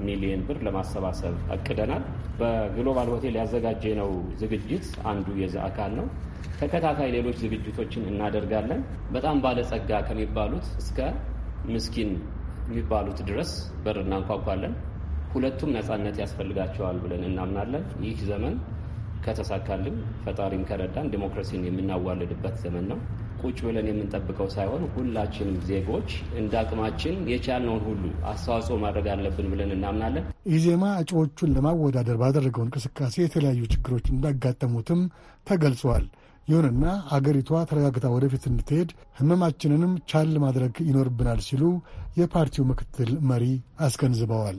S2: ሚሊዮን ብር ለማሰባሰብ አቅደናል። በግሎባል ሆቴል ያዘጋጀነው ዝግጅት አንዱ የዛ አካል ነው። ተከታታይ ሌሎች ዝግጅቶችን እናደርጋለን። በጣም ባለጸጋ ከሚባሉት እስከ ምስኪን የሚባሉት ድረስ በር እናንኳኳለን። ሁለቱም ነጻነት ያስፈልጋቸዋል ብለን እናምናለን። ይህ ዘመን ከተሳካልን ፈጣሪን ከረዳን ዲሞክራሲን የምናዋልድበት ዘመን ነው። ቁጭ ብለን የምንጠብቀው ሳይሆን ሁላችንም ዜጎች እንደ አቅማችን የቻልነውን ሁሉ አስተዋጽኦ ማድረግ አለብን ብለን እናምናለን።
S8: ኢዜማ እጩዎቹን ለማወዳደር ባደረገው እንቅስቃሴ የተለያዩ ችግሮች እንዳጋጠሙትም ተገልጿል። ይሁንና አገሪቷ ተረጋግታ ወደፊት እንድትሄድ ህመማችንንም ቻል ማድረግ ይኖርብናል ሲሉ የፓርቲው ምክትል መሪ አስገንዝበዋል።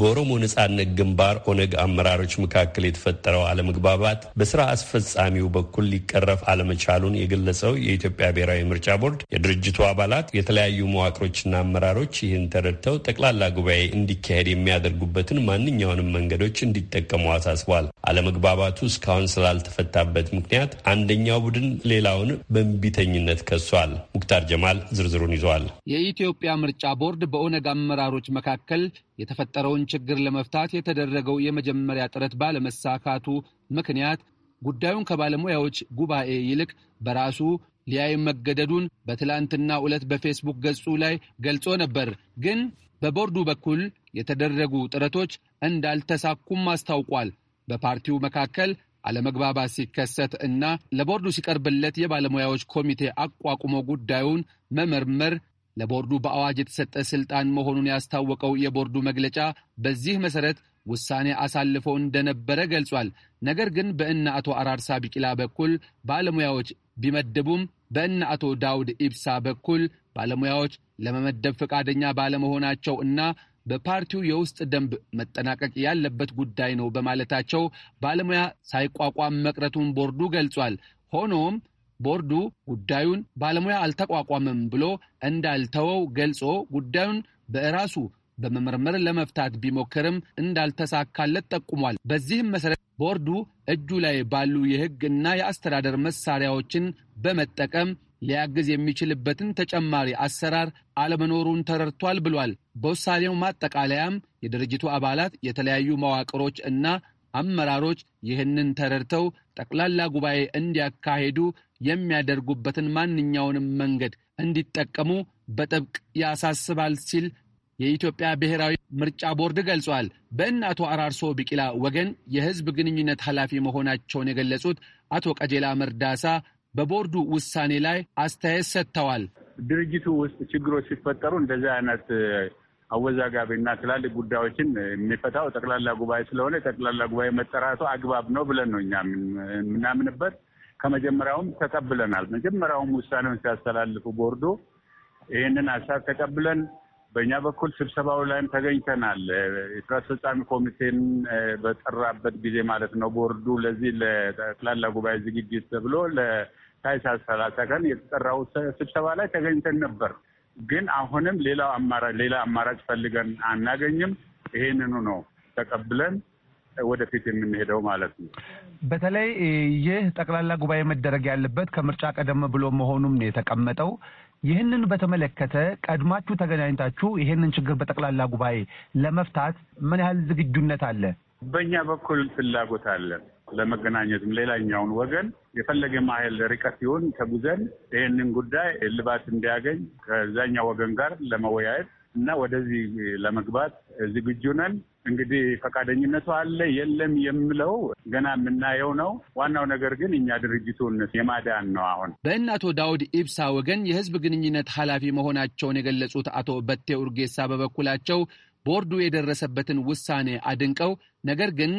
S2: በኦሮሞ ነጻነት ግንባር ኦነግ አመራሮች መካከል የተፈጠረው አለመግባባት በስራ አስፈጻሚው በኩል ሊቀረፍ አለመቻሉን የገለጸው የኢትዮጵያ ብሔራዊ ምርጫ ቦርድ የድርጅቱ አባላት የተለያዩ መዋቅሮችና አመራሮች ይህን ተረድተው ጠቅላላ ጉባኤ እንዲካሄድ የሚያደርጉበትን ማንኛውንም መንገዶች እንዲጠቀሙ አሳስቧል። አለመግባባቱ እስካሁን ስላልተፈታበት ምክንያት አንደኛው ቡድን ሌላውን በእንቢተኝነት ከሷል። ሙክታር ጀማል ዝርዝሩን ይዟል።
S1: የኢትዮጵያ ምርጫ ቦርድ በኦነግ አመራሮች መካከል የተፈጠረውን ችግር ለመፍታት የተደረገው የመጀመሪያ ጥረት ባለመሳካቱ ምክንያት ጉዳዩን ከባለሙያዎች ጉባኤ ይልቅ በራሱ ሊያይ መገደዱን በትላንትና ዕለት በፌስቡክ ገጹ ላይ ገልጾ ነበር። ግን በቦርዱ በኩል የተደረጉ ጥረቶች እንዳልተሳኩም አስታውቋል። በፓርቲው መካከል አለመግባባት ሲከሰት እና ለቦርዱ ሲቀርብለት የባለሙያዎች ኮሚቴ አቋቁሞ ጉዳዩን መመርመር ለቦርዱ በአዋጅ የተሰጠ ስልጣን መሆኑን ያስታወቀው የቦርዱ መግለጫ በዚህ መሰረት ውሳኔ አሳልፎ እንደነበረ ገልጿል። ነገር ግን በእነ አቶ አራርሳ ቢቂላ በኩል ባለሙያዎች ቢመደቡም በእነ አቶ ዳውድ ኢብሳ በኩል ባለሙያዎች ለመመደብ ፈቃደኛ ባለመሆናቸው እና በፓርቲው የውስጥ ደንብ መጠናቀቅ ያለበት ጉዳይ ነው በማለታቸው ባለሙያ ሳይቋቋም መቅረቱን ቦርዱ ገልጿል። ሆኖም ቦርዱ ጉዳዩን ባለሙያ አልተቋቋመም ብሎ እንዳልተወው ገልጾ ጉዳዩን በራሱ በመመርመር ለመፍታት ቢሞክርም እንዳልተሳካለት ጠቁሟል። በዚህም መሰረት ቦርዱ እጁ ላይ ባሉ የሕግና እና የአስተዳደር መሳሪያዎችን በመጠቀም ሊያግዝ የሚችልበትን ተጨማሪ አሰራር አለመኖሩን ተረድቷል ብሏል። በውሳኔው ማጠቃለያም የድርጅቱ አባላት የተለያዩ መዋቅሮች እና አመራሮች ይህንን ተረድተው ጠቅላላ ጉባኤ እንዲያካሄዱ የሚያደርጉበትን ማንኛውንም መንገድ እንዲጠቀሙ በጥብቅ ያሳስባል ሲል የኢትዮጵያ ብሔራዊ ምርጫ ቦርድ ገልጿል። በእነ አቶ አራርሶ ቢቂላ ወገን የሕዝብ ግንኙነት ኃላፊ መሆናቸውን የገለጹት አቶ ቀጀላ መርዳሳ በቦርዱ ውሳኔ ላይ አስተያየት ሰጥተዋል።
S11: ድርጅቱ ውስጥ ችግሮች ሲፈጠሩ እንደዚህ አይነት አወዛጋቢና ትላልቅ ጉዳዮችን የሚፈታው ጠቅላላ ጉባኤ ስለሆነ ጠቅላላ ጉባኤ መጠራቱ አግባብ ነው ብለን ነው እኛ የምናምንበት። ከመጀመሪያውም ተቀብለናል። መጀመሪያውም ውሳኔውን ሲያስተላልፉ ቦርዶ ይህንን ሀሳብ ተቀብለን በእኛ በኩል ስብሰባው ላይም ተገኝተናል። የስራ አስፈጻሚ ኮሚቴን በጠራበት ጊዜ ማለት ነው። ቦርዱ ለዚህ ለጠቅላላ ጉባኤ ዝግጅት ተብሎ ለታህሳስ ሰላሳ ቀን የተጠራው ስብሰባ ላይ ተገኝተን ነበር። ግን አሁንም ሌላ አማራጭ ሌላ አማራጭ ፈልገን አናገኝም። ይሄንኑ ነው ተቀብለን ወደፊት የምንሄደው ማለት ነው።
S1: በተለይ ይህ ጠቅላላ ጉባኤ መደረግ ያለበት ከምርጫ ቀደም ብሎ መሆኑም ነው የተቀመጠው። ይህንን በተመለከተ ቀድማችሁ ተገናኝታችሁ ይህንን ችግር በጠቅላላ ጉባኤ ለመፍታት ምን ያህል ዝግጁነት አለ?
S11: በእኛ በኩል ፍላጎት አለን። ለመገናኘትም ሌላኛውን ወገን የፈለገ ማይል ርቀት ሲሆን ተጉዘን ይህንን ጉዳይ እልባት እንዲያገኝ ከዛኛው ወገን ጋር ለመወያየት እና ወደዚህ ለመግባት ዝግጁ ነን። እንግዲህ ፈቃደኝነቱ አለ የለም የምለው ገና የምናየው ነው። ዋናው ነገር ግን እኛ ድርጅቱን የማዳን ነው። አሁን
S1: በእነ አቶ ዳውድ ኢብሳ ወገን የህዝብ ግንኙነት ኃላፊ መሆናቸውን የገለጹት አቶ በቴ ኡርጌሳ በበኩላቸው ቦርዱ የደረሰበትን ውሳኔ አድንቀው ነገር ግን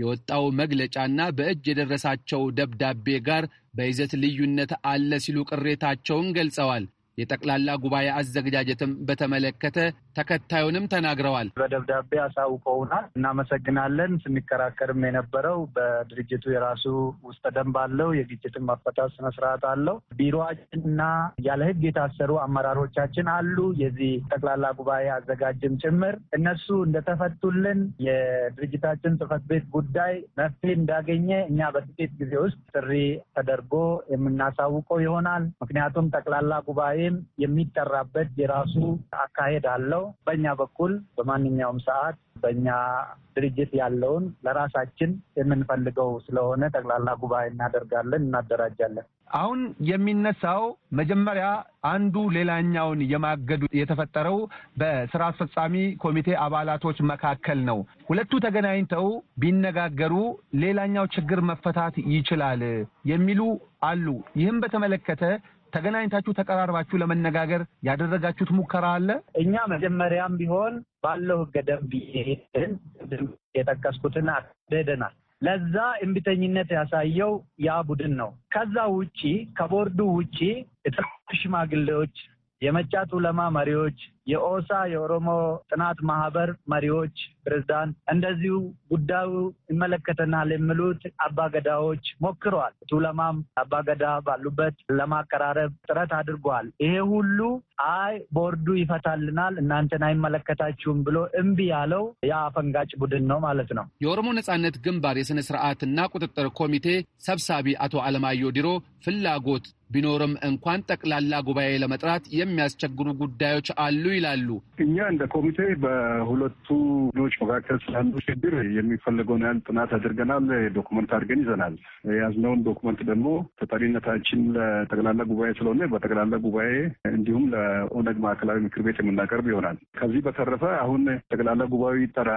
S1: የወጣው መግለጫና በእጅ የደረሳቸው ደብዳቤ ጋር በይዘት ልዩነት አለ ሲሉ ቅሬታቸውን ገልጸዋል። የጠቅላላ ጉባኤ አዘገጃጀትም በተመለከተ ተከታዩንም ተናግረዋል።
S12: በደብዳቤ አሳውቀውናል። እናመሰግናለን። ስንከራከርም የነበረው በድርጅቱ የራሱ ውስጥ ደንብ አለው። የግጭትን ማፈታት ስነስርዓት አለው። ቢሮችን እና ያለ ህግ የታሰሩ አመራሮቻችን አሉ። የዚህ ጠቅላላ ጉባኤ አዘጋጅም ጭምር እነሱ እንደተፈቱልን የድርጅታችን ጽህፈት ቤት ጉዳይ መፍትሄ እንዳገኘ እኛ በጥቂት ጊዜ ውስጥ ጥሪ ተደርጎ የምናሳውቀው ይሆናል። ምክንያቱም ጠቅላላ ጉባኤም የሚጠራበት የራሱ አካሄድ አለው። በእኛ በኩል በማንኛውም ሰዓት በእኛ ድርጅት ያለውን ለራሳችን የምንፈልገው ስለሆነ ጠቅላላ ጉባኤ እናደርጋለን፣ እናደራጃለን።
S1: አሁን የሚነሳው መጀመሪያ አንዱ ሌላኛውን የማገዱ የተፈጠረው በስራ አስፈጻሚ ኮሚቴ አባላቶች መካከል ነው። ሁለቱ ተገናኝተው ቢነጋገሩ ሌላኛው ችግር መፈታት ይችላል የሚሉ አሉ። ይህም በተመለከተ ተገናኝታችሁ ተቀራርባችሁ ለመነጋገር ያደረጋችሁት ሙከራ አለ? እኛ መጀመሪያም ቢሆን ባለው ህገ ደንብ
S12: የጠቀስኩትን አደደናል። ለዛ እምቢተኝነት ያሳየው ያ ቡድን ነው። ከዛ ውጪ ከቦርዱ ውጪ የጥራት ሽማግሌዎች፣ የመጫቱ ለማ መሪዎች የኦሳ የኦሮሞ ጥናት ማህበር መሪዎች ፕሬዝዳንት፣ እንደዚሁ ጉዳዩ ይመለከተናል የሚሉት አባገዳዎች ሞክረዋል። ቱለማም አባገዳ ባሉበት ለማቀራረብ ጥረት አድርጓል። ይሄ ሁሉ አይ ቦርዱ ይፈታልናል እናንተን አይመለከታችሁም ብሎ እምቢ ያለው የአፈንጋጭ ቡድን ነው ማለት
S1: ነው። የኦሮሞ ነጻነት ግንባር የስነ ስርዓትና ቁጥጥር ኮሚቴ ሰብሳቢ አቶ አለማየሁ ዲሮ ፍላጎት ቢኖርም እንኳን ጠቅላላ ጉባኤ ለመጥራት የሚያስቸግሩ ጉዳዮች አሉ ይላሉ።
S13: እኛ እንደ ኮሚቴ በሁለቱ ኖች መካከል ስላሉ ችግር የሚፈለገውን ያህል ጥናት አድርገናል። ዶክመንት አድርገን ይዘናል። የያዝነውን ዶክመንት ደግሞ ተጠሪነታችን ለጠቅላላ ጉባኤ ስለሆነ በጠቅላላ ጉባኤ እንዲሁም ለኦነግ ማዕከላዊ ምክር ቤት የምናቀርብ ይሆናል። ከዚህ በተረፈ አሁን ጠቅላላ ጉባኤ ይጠራ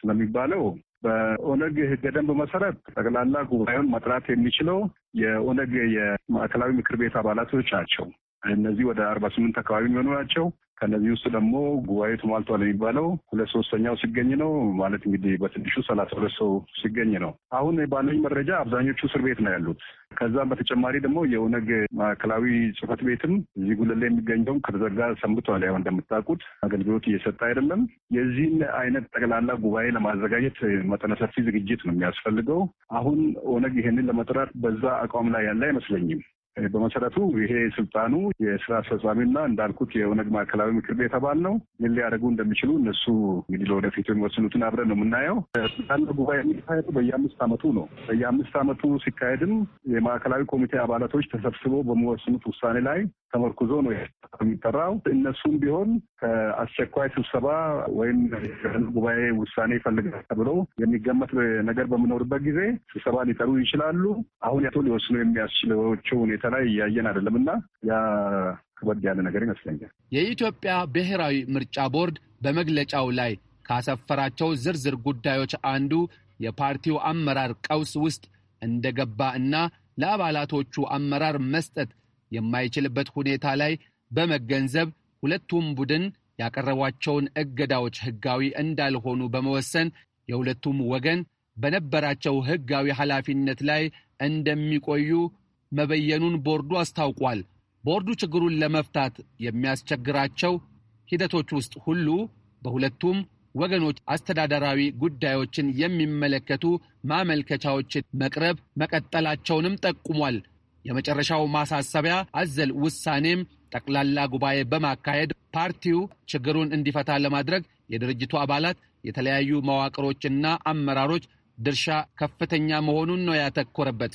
S13: ስለሚባለው በኦነግ ህገ ደንብ መሰረት ጠቅላላ ጉባኤውን መጥራት የሚችለው የኦነግ የማዕከላዊ ምክር ቤት አባላቶች ናቸው። እነዚህ ወደ አርባ ስምንት አካባቢ የሚሆኑ ናቸው። ከነዚህ ውስጥ ደግሞ ጉባኤ ተሟልቷል የሚባለው ሁለት ሶስተኛው ሲገኝ ነው ማለት እንግዲህ በትንሹ ሰላሳ ሁለት ሰው ሲገኝ ነው። አሁን ባለኝ መረጃ አብዛኞቹ እስር ቤት ነው ያሉት። ከዛም በተጨማሪ ደግሞ የኦነግ ማዕከላዊ ጽህፈት ቤትም እዚህ ጉለላ የሚገኘውም ከተዘጋ ሰንብቷል። ያው እንደምታውቁት አገልግሎት እየሰጠ አይደለም። የዚህን አይነት ጠቅላላ ጉባኤ ለማዘጋጀት መጠነ ሰፊ ዝግጅት ነው የሚያስፈልገው። አሁን ኦነግ ይሄንን ለመጥራት በዛ አቋም ላይ ያለ አይመስለኝም። በመሰረቱ ይሄ ስልጣኑ የስራ አስፈጻሚና እንዳልኩት የኦነግ ማዕከላዊ ምክር ቤት አባል ነው። ምን ሊያደርጉ እንደሚችሉ እነሱ እንግዲህ ለወደፊቱ የሚወስኑትን አብረን ነው የምናየው። ስልጣን ጉባኤ የሚካሄዱ በየአምስት ዓመቱ ነው። በየአምስት ዓመቱ ሲካሄድም የማዕከላዊ ኮሚቴ አባላቶች ተሰብስቦ በሚወስኑት ውሳኔ ላይ ተመርኩዞ ነው የሚጠራው። እነሱም ቢሆን ከአስቸኳይ ስብሰባ ወይም ጉባኤ ውሳኔ ይፈልጋል ተብሎ የሚገመት ነገር በሚኖርበት ጊዜ ስብሰባ ሊጠሩ ይችላሉ። አሁን ያቶ ሊወስኑ የሚያስችለቸው ሁኔታ ከላይ እያየን አይደለም እና ያ ከበድ ያለ ነገር ይመስለኛል።
S1: የኢትዮጵያ ብሔራዊ ምርጫ ቦርድ በመግለጫው ላይ ካሰፈራቸው ዝርዝር ጉዳዮች አንዱ የፓርቲው አመራር ቀውስ ውስጥ እንደገባ እና ለአባላቶቹ አመራር መስጠት የማይችልበት ሁኔታ ላይ በመገንዘብ ሁለቱም ቡድን ያቀረቧቸውን እገዳዎች ሕጋዊ እንዳልሆኑ በመወሰን የሁለቱም ወገን በነበራቸው ሕጋዊ ኃላፊነት ላይ እንደሚቆዩ መበየኑን ቦርዱ አስታውቋል። ቦርዱ ችግሩን ለመፍታት የሚያስቸግራቸው ሂደቶች ውስጥ ሁሉ በሁለቱም ወገኖች አስተዳደራዊ ጉዳዮችን የሚመለከቱ ማመልከቻዎችን መቅረብ መቀጠላቸውንም ጠቁሟል። የመጨረሻው ማሳሰቢያ አዘል ውሳኔም ጠቅላላ ጉባኤ በማካሄድ ፓርቲው ችግሩን እንዲፈታ ለማድረግ የድርጅቱ አባላት፣ የተለያዩ መዋቅሮችና አመራሮች ድርሻ ከፍተኛ መሆኑን ነው ያተኮረበት።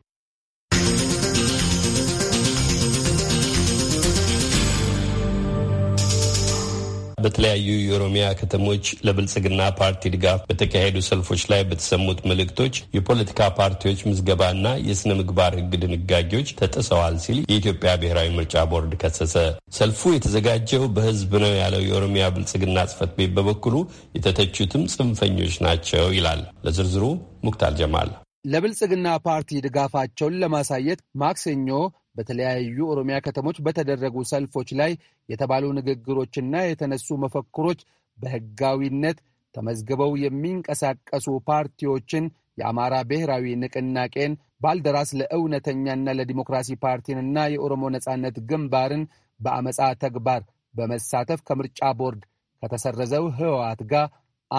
S2: በተለያዩ የኦሮሚያ ከተሞች ለብልጽግና ፓርቲ ድጋፍ በተካሄዱ ሰልፎች ላይ በተሰሙት መልእክቶች የፖለቲካ ፓርቲዎች ምዝገባና የስነ ምግባር ሕግ ድንጋጌዎች ተጥሰዋል ሲል የኢትዮጵያ ብሔራዊ ምርጫ ቦርድ ከሰሰ። ሰልፉ የተዘጋጀው በሕዝብ ነው ያለው የኦሮሚያ ብልጽግና ጽህፈት ቤት በበኩሉ የተተቹትም ጽንፈኞች ናቸው ይላል። ለዝርዝሩ ሙክታል ጀማል
S1: ለብልጽግና ፓርቲ ድጋፋቸውን ለማሳየት ማክሰኞ በተለያዩ ኦሮሚያ ከተሞች በተደረጉ ሰልፎች ላይ የተባሉ ንግግሮችና የተነሱ መፈክሮች በሕጋዊነት ተመዝግበው የሚንቀሳቀሱ ፓርቲዎችን የአማራ ብሔራዊ ንቅናቄን፣ ባልደራስ ለእውነተኛና ለዲሞክራሲ ፓርቲንና የኦሮሞ ነጻነት ግንባርን በአመፃ ተግባር በመሳተፍ ከምርጫ ቦርድ ከተሰረዘው ህወሓት ጋር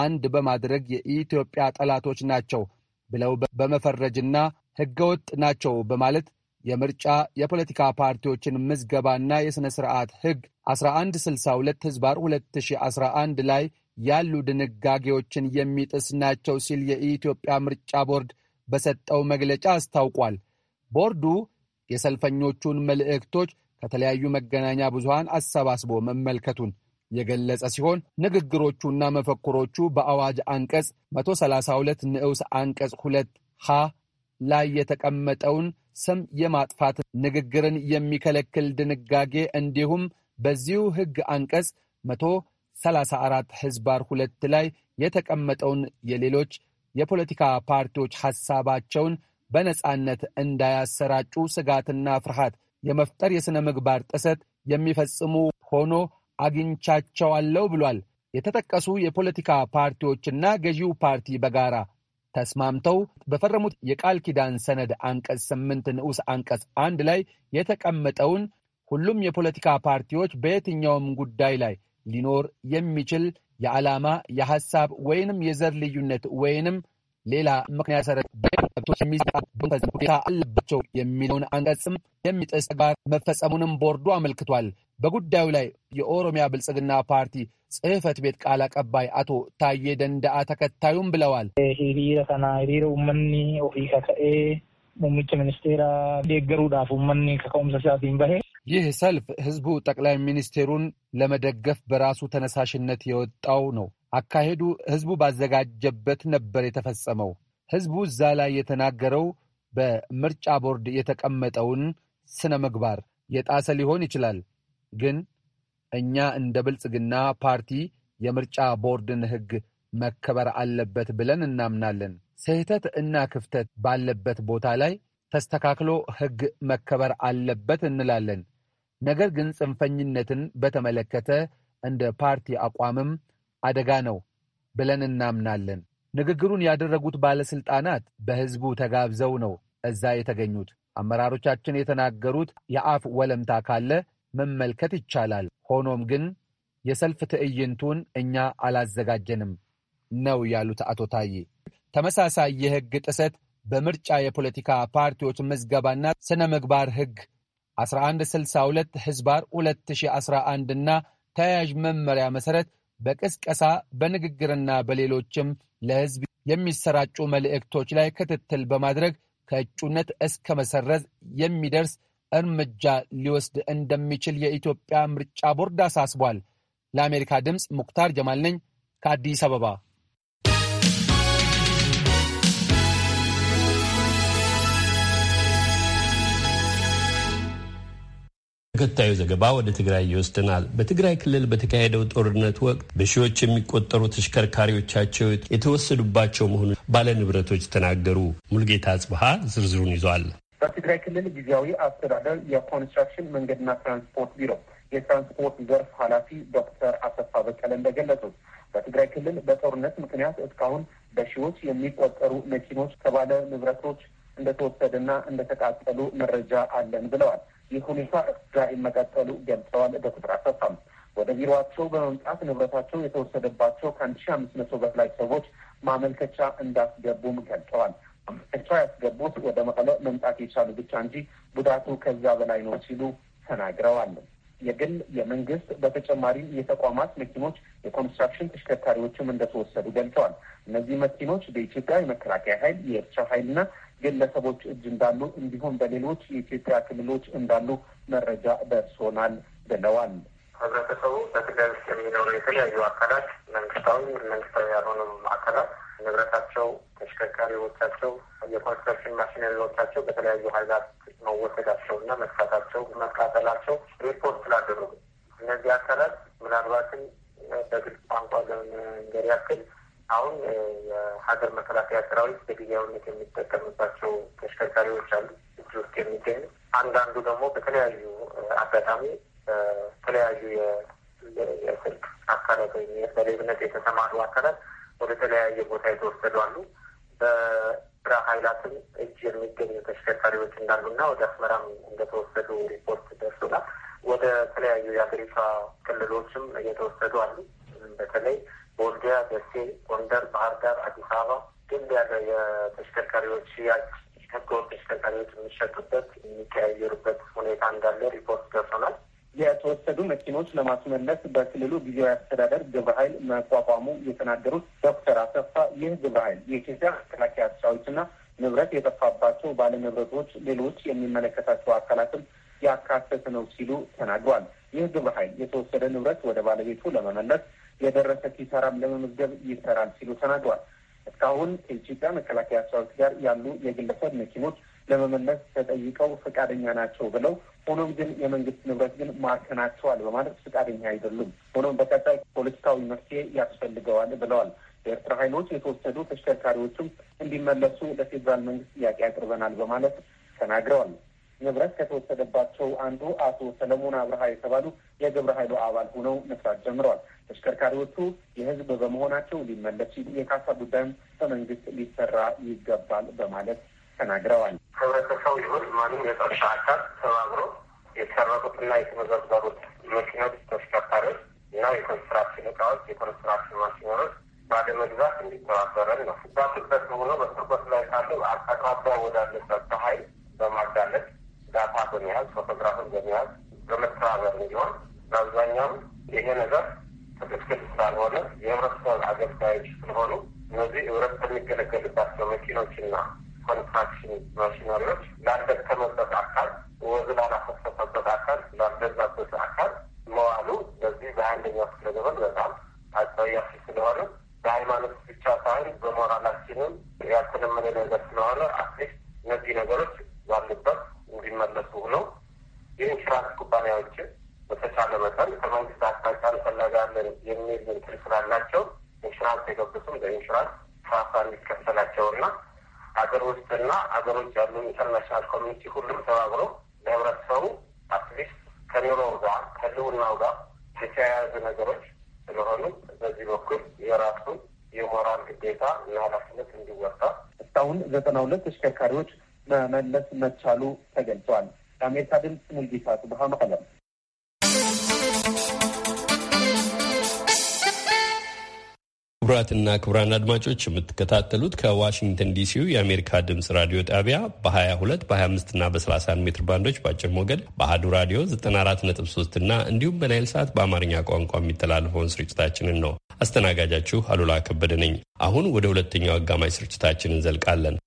S1: አንድ በማድረግ የኢትዮጵያ ጠላቶች ናቸው ብለው በመፈረጅና ህገወጥ ናቸው በማለት የምርጫ የፖለቲካ ፓርቲዎችን ምዝገባና የሥነ ሥርዓት ሕግ 1162 ሕዝባር 2011 ላይ ያሉ ድንጋጌዎችን የሚጥስ ናቸው ሲል የኢትዮጵያ ምርጫ ቦርድ በሰጠው መግለጫ አስታውቋል። ቦርዱ የሰልፈኞቹን መልእክቶች ከተለያዩ መገናኛ ብዙሃን አሰባስቦ መመልከቱን የገለጸ ሲሆን ንግግሮቹና መፈክሮቹ በአዋጅ አንቀጽ 132 ንዑስ አንቀጽ 2 ሀ ላይ የተቀመጠውን ስም የማጥፋት ንግግርን የሚከለክል ድንጋጌ እንዲሁም በዚሁ ሕግ አንቀጽ 134 ሕዝባር ሁለት ላይ የተቀመጠውን የሌሎች የፖለቲካ ፓርቲዎች ሐሳባቸውን በነጻነት እንዳያሰራጩ ስጋትና ፍርሃት የመፍጠር የሥነ ምግባር ጥሰት የሚፈጽሙ ሆኖ አግኝቻቸዋለሁ ብሏል። የተጠቀሱ የፖለቲካ ፓርቲዎችና ገዢው ፓርቲ በጋራ ተስማምተው በፈረሙት የቃል ኪዳን ሰነድ አንቀጽ ስምንት ንዑስ አንቀጽ አንድ ላይ የተቀመጠውን ሁሉም የፖለቲካ ፓርቲዎች በየትኛውም ጉዳይ ላይ ሊኖር የሚችል የዓላማ፣ የሐሳብ ወይንም የዘር ልዩነት ወይንም ሌላ ምክንያት ሰረት መብቶች የሚጣቡበት ሁኔታ አለባቸው የሚለውን አንቀጽም የሚጥስ ተግባር መፈጸሙንም ቦርዱ አመልክቷል። በጉዳዩ ላይ የኦሮሚያ ብልጽግና ፓርቲ ጽህፈት ቤት ቃል አቀባይ አቶ ታዬ ደንዳአ ተከታዩም ብለዋል። ሂሪረ ከና ሂሪረ ኡመኒ ኦፊ ከከኤ ሙምች ሚኒስቴራ ደገሩ ደገሩዳፍ ኡመኒ ከቀውምሰሳቲን በሄ ይህ ሰልፍ ህዝቡ ጠቅላይ ሚኒስቴሩን ለመደገፍ በራሱ ተነሳሽነት የወጣው ነው። አካሄዱ ህዝቡ ባዘጋጀበት ነበር የተፈጸመው። ህዝቡ እዛ ላይ የተናገረው በምርጫ ቦርድ የተቀመጠውን ስነ ምግባር የጣሰ ሊሆን ይችላል። ግን እኛ እንደ ብልጽግና ፓርቲ የምርጫ ቦርድን ህግ መከበር አለበት ብለን እናምናለን። ስህተት እና ክፍተት ባለበት ቦታ ላይ ተስተካክሎ ህግ መከበር አለበት እንላለን። ነገር ግን ጽንፈኝነትን በተመለከተ እንደ ፓርቲ አቋምም አደጋ ነው ብለን እናምናለን። ንግግሩን ያደረጉት ባለሥልጣናት በሕዝቡ ተጋብዘው ነው እዛ የተገኙት። አመራሮቻችን የተናገሩት የአፍ ወለምታ ካለ መመልከት ይቻላል። ሆኖም ግን የሰልፍ ትዕይንቱን እኛ አላዘጋጀንም ነው ያሉት አቶ ታዬ። ተመሳሳይ የሕግ ጥሰት በምርጫ የፖለቲካ ፓርቲዎች ምዝገባና ስነ ምግባር ሕግ 1162 ህዝባር 2011 እና ተያያዥ መመሪያ መሠረት በቅስቀሳ በንግግርና በሌሎችም ለህዝብ የሚሰራጩ መልእክቶች ላይ ክትትል በማድረግ ከእጩነት እስከ መሰረዝ የሚደርስ እርምጃ ሊወስድ እንደሚችል የኢትዮጵያ ምርጫ ቦርድ አሳስቧል። ለአሜሪካ ድምፅ ሙክታር ጀማል ነኝ ከአዲስ አበባ።
S2: ተከታዩ ዘገባ ወደ ትግራይ ይወስደናል። በትግራይ ክልል በተካሄደው ጦርነት ወቅት በሺዎች የሚቆጠሩ ተሽከርካሪዎቻቸው የተወሰዱባቸው መሆኑን ባለንብረቶች ተናገሩ። ሙልጌታ አጽብሃ ዝርዝሩን ይዟል።
S14: በትግራይ ክልል ጊዜያዊ አስተዳደር የኮንስትራክሽን መንገድና ትራንስፖርት ቢሮ የትራንስፖርት ዘርፍ ኃላፊ ዶክተር አሰፋ በቀለ እንደገለጹት በትግራይ ክልል በጦርነት ምክንያት እስካሁን በሺዎች የሚቆጠሩ መኪኖች ከባለ ንብረቶች እንደተወሰደና እንደተቃጠሉ መረጃ አለን ብለዋል። ይህ ሁኔታ ዳይ መቀጠሉ ገልጸዋል። ዶክተር አሰፋም ወደ ቢሮቸው በመምጣት ንብረታቸው የተወሰደባቸው ከአንድ ሺ አምስት መቶ በላይ ሰዎች ማመልከቻ እንዳስገቡም ገልጸዋል። ማመልከቻ ያስገቡት ወደ መቀለ መምጣት የቻሉ ብቻ እንጂ ጉዳቱ ከዛ በላይ ነው ሲሉ ተናግረዋል። የግል የመንግስት በተጨማሪም የተቋማት መኪኖች፣ የኮንስትራክሽን ተሽከርካሪዎችም እንደተወሰዱ ገልጸዋል። እነዚህ መኪኖች በኢትዮጵያ የመከላከያ ኃይል፣ የኤርትራ ኃይልና ግለሰቦች እጅ እንዳሉ እንዲሁም በሌሎች የኢትዮጵያ ክልሎች እንዳሉ መረጃ ደርሶናል ብለዋል። ህብረተሰቡ በትግራይ ውስጥ የሚኖሩ የተለያዩ አካላት መንግስታዊ፣ መንግስታዊ ያልሆኑ አካላት ንብረታቸው፣ ተሽከርካሪዎቻቸው፣ የኮንስትራክሽን ማሽነሪዎቻቸው በተለያዩ ሀይላት መወሰዳቸው እና መጥፋታቸው፣ መቃጠላቸው ሪፖርት ስላደረጉ እነዚህ አካላት ምናልባትም በግልጽ ቋንቋ ለመንገር ያክል አሁን የሀገር መከላከያ ሰራዊት በጊዜያዊነት የሚጠቀምባቸው ተሽከርካሪዎች አሉ እጅ ውስጥ የሚገኙ አንዳንዱ ደግሞ በተለያዩ አጋጣሚ በተለያዩ የስልክ አካላት ወይም በሌብነት የተሰማሩ አካላት ወደ ተለያየ ቦታ የተወሰዱ አሉ። በስራ ኃይላትም እጅ የሚገኙ ተሽከርካሪዎች እንዳሉና ወደ አስመራም እንደተወሰዱ ሪፖርት ደርሶናል። ወደ ተለያዩ የሀገሪቷ ክልሎችም እየተወሰዱ አሉ በተለይ ወልዲያ፣ ደሴ፣ ጎንደር፣ ባህር ዳር፣ አዲስ አበባ ግን ያለ የተሽከርካሪዎች ሽያጭ ህገወጥ ተሽከርካሪዎች የሚሸጡበት የሚቀያየሩበት ሁኔታ እንዳለ ሪፖርት ደርሶናል። የተወሰዱ መኪኖች ለማስመለስ በክልሉ ጊዜያዊ አስተዳደር ግብረ ኃይል መቋቋሙ የተናገሩት ዶክተር አሰፋ ይህ ግብረ ኃይል የኢትዮጵያ መከላከያ ሰራዊትና ንብረት የጠፋባቸው ባለንብረቶች፣ ሌሎች የሚመለከታቸው አካላትም ያካተተ ነው ሲሉ ተናግሯል። ይህ ግብረ ኃይል የተወሰደ ንብረት ወደ ባለቤቱ ለመመለስ የደረሰ ኪሳራም ለመመዝገብ ይሰራል ሲሉ ተናግሯል። እስካሁን ከኢትዮጵያ መከላከያ ሰራዊት ጋር ያሉ የግለሰብ መኪኖች ለመመለስ ተጠይቀው ፈቃደኛ ናቸው ብለው ሆኖም ግን የመንግስት ንብረት ግን ማርከናቸዋል በማለት ፈቃደኛ አይደሉም። ሆኖም በቀጣይ ፖለቲካዊ መፍትሄ ያስፈልገዋል ብለዋል። የኤርትራ ኃይሎች የተወሰዱ ተሽከርካሪዎችም እንዲመለሱ ለፌዴራል መንግስት ጥያቄ አቅርበናል በማለት ተናግረዋል። ንብረት ከተወሰደባቸው አንዱ አቶ ሰለሞን አብርሃ የተባሉ የግብረ ኃይሉ አባል ሆነው መስራት ጀምረዋል። ተሽከርካሪዎቹ የህዝብ በመሆናቸው ሊመለስ ሲሉ የካሳ ጉዳይም በመንግስት ሊሰራ ይገባል በማለት ተናግረዋል። ህብረተሰቡ ይሁን ማንም የጸጥታ አካል ተባብሮ የተሰረቁትና የተመዘበሩት መኪኖች፣ ተሽከርካሪዎች እና የኮንስትራክሽን እቃዎች፣ የኮንስትራክሽን ማሽኖች ባለመግዛት እንዲተባበረን ነው። ባትበት ሆኖ በስርቆት ላይ ካሉ አቅራቢያ ወዳለ ጸጥታ በማጋለጥ ዳታ በመያዝ ፎቶግራፍን በመያዝ በመተባበር እንዲሆን በአብዛኛው ይሄ ነገር ትክክል ስላልሆነ የህብረተሰብ አገልጋዮች ስለሆኑ እነዚህ ህብረተሰብ የሚገለገልባቸው መኪኖችና ኮንስትራክሽን ማሽነሪዎች ላልደከመበት አካል ወዝ ላላፈሰሰበት አካል ላልገዛበት አካል መዋሉ በዚህ በአንደኛው ክፍለ ዘመን በጣም አጸያፊ ስለሆነ በሃይማኖት ብቻ ሳይሆን በሞራላችንም ያልተለመደ ነገር ስለሆነ አትሊስት እነዚህ ነገሮች ባሉበት እንዲመለሱ ነው። የኢንሹራንስ ኩባንያዎችን በተቻለ መጠን ከመንግስት አቅጣጫ እንፈለጋለን የሚል ምክር ስላላቸው ኢንሹራንስ የገቡትም በኢንሹራንስ ፋሳ እንዲከፈላቸውና አገር ውስጥና ሀገር ውጭ ያሉ ኢንተርናሽናል ኮሚኒቲ ሁሉም ተባብሮ ለህብረተሰቡ አትሊስት ከኑሮው ጋር ከህልውናው ጋር የተያያዙ ነገሮች ስለሆኑ በዚህ በኩል የራሱ የሞራል ግዴታ እና ኃላፊነት እንዲወጣ እስካሁን ዘጠና ሁለት ተሽከርካሪዎች መመለስ መቻሉ ተገልጿል። የአሜሪካ ድምፅ ሙልጌታ ጽብሀ መቀለም
S2: ክቡራትና ክቡራን አድማጮች የምትከታተሉት ከዋሽንግተን ዲሲው የአሜሪካ ድምፅ ራዲዮ ጣቢያ በ22 በ25 እና በ31 ሜትር ባንዶች በአጭር ሞገድ በአህዱ ራዲዮ 943 እና እንዲሁም በናይል ሰዓት በአማርኛ ቋንቋ የሚተላለፈውን ስርጭታችንን ነው። አስተናጋጃችሁ አሉላ ከበደ ነኝ። አሁን ወደ ሁለተኛው አጋማሽ ስርጭታችን እንዘልቃለን።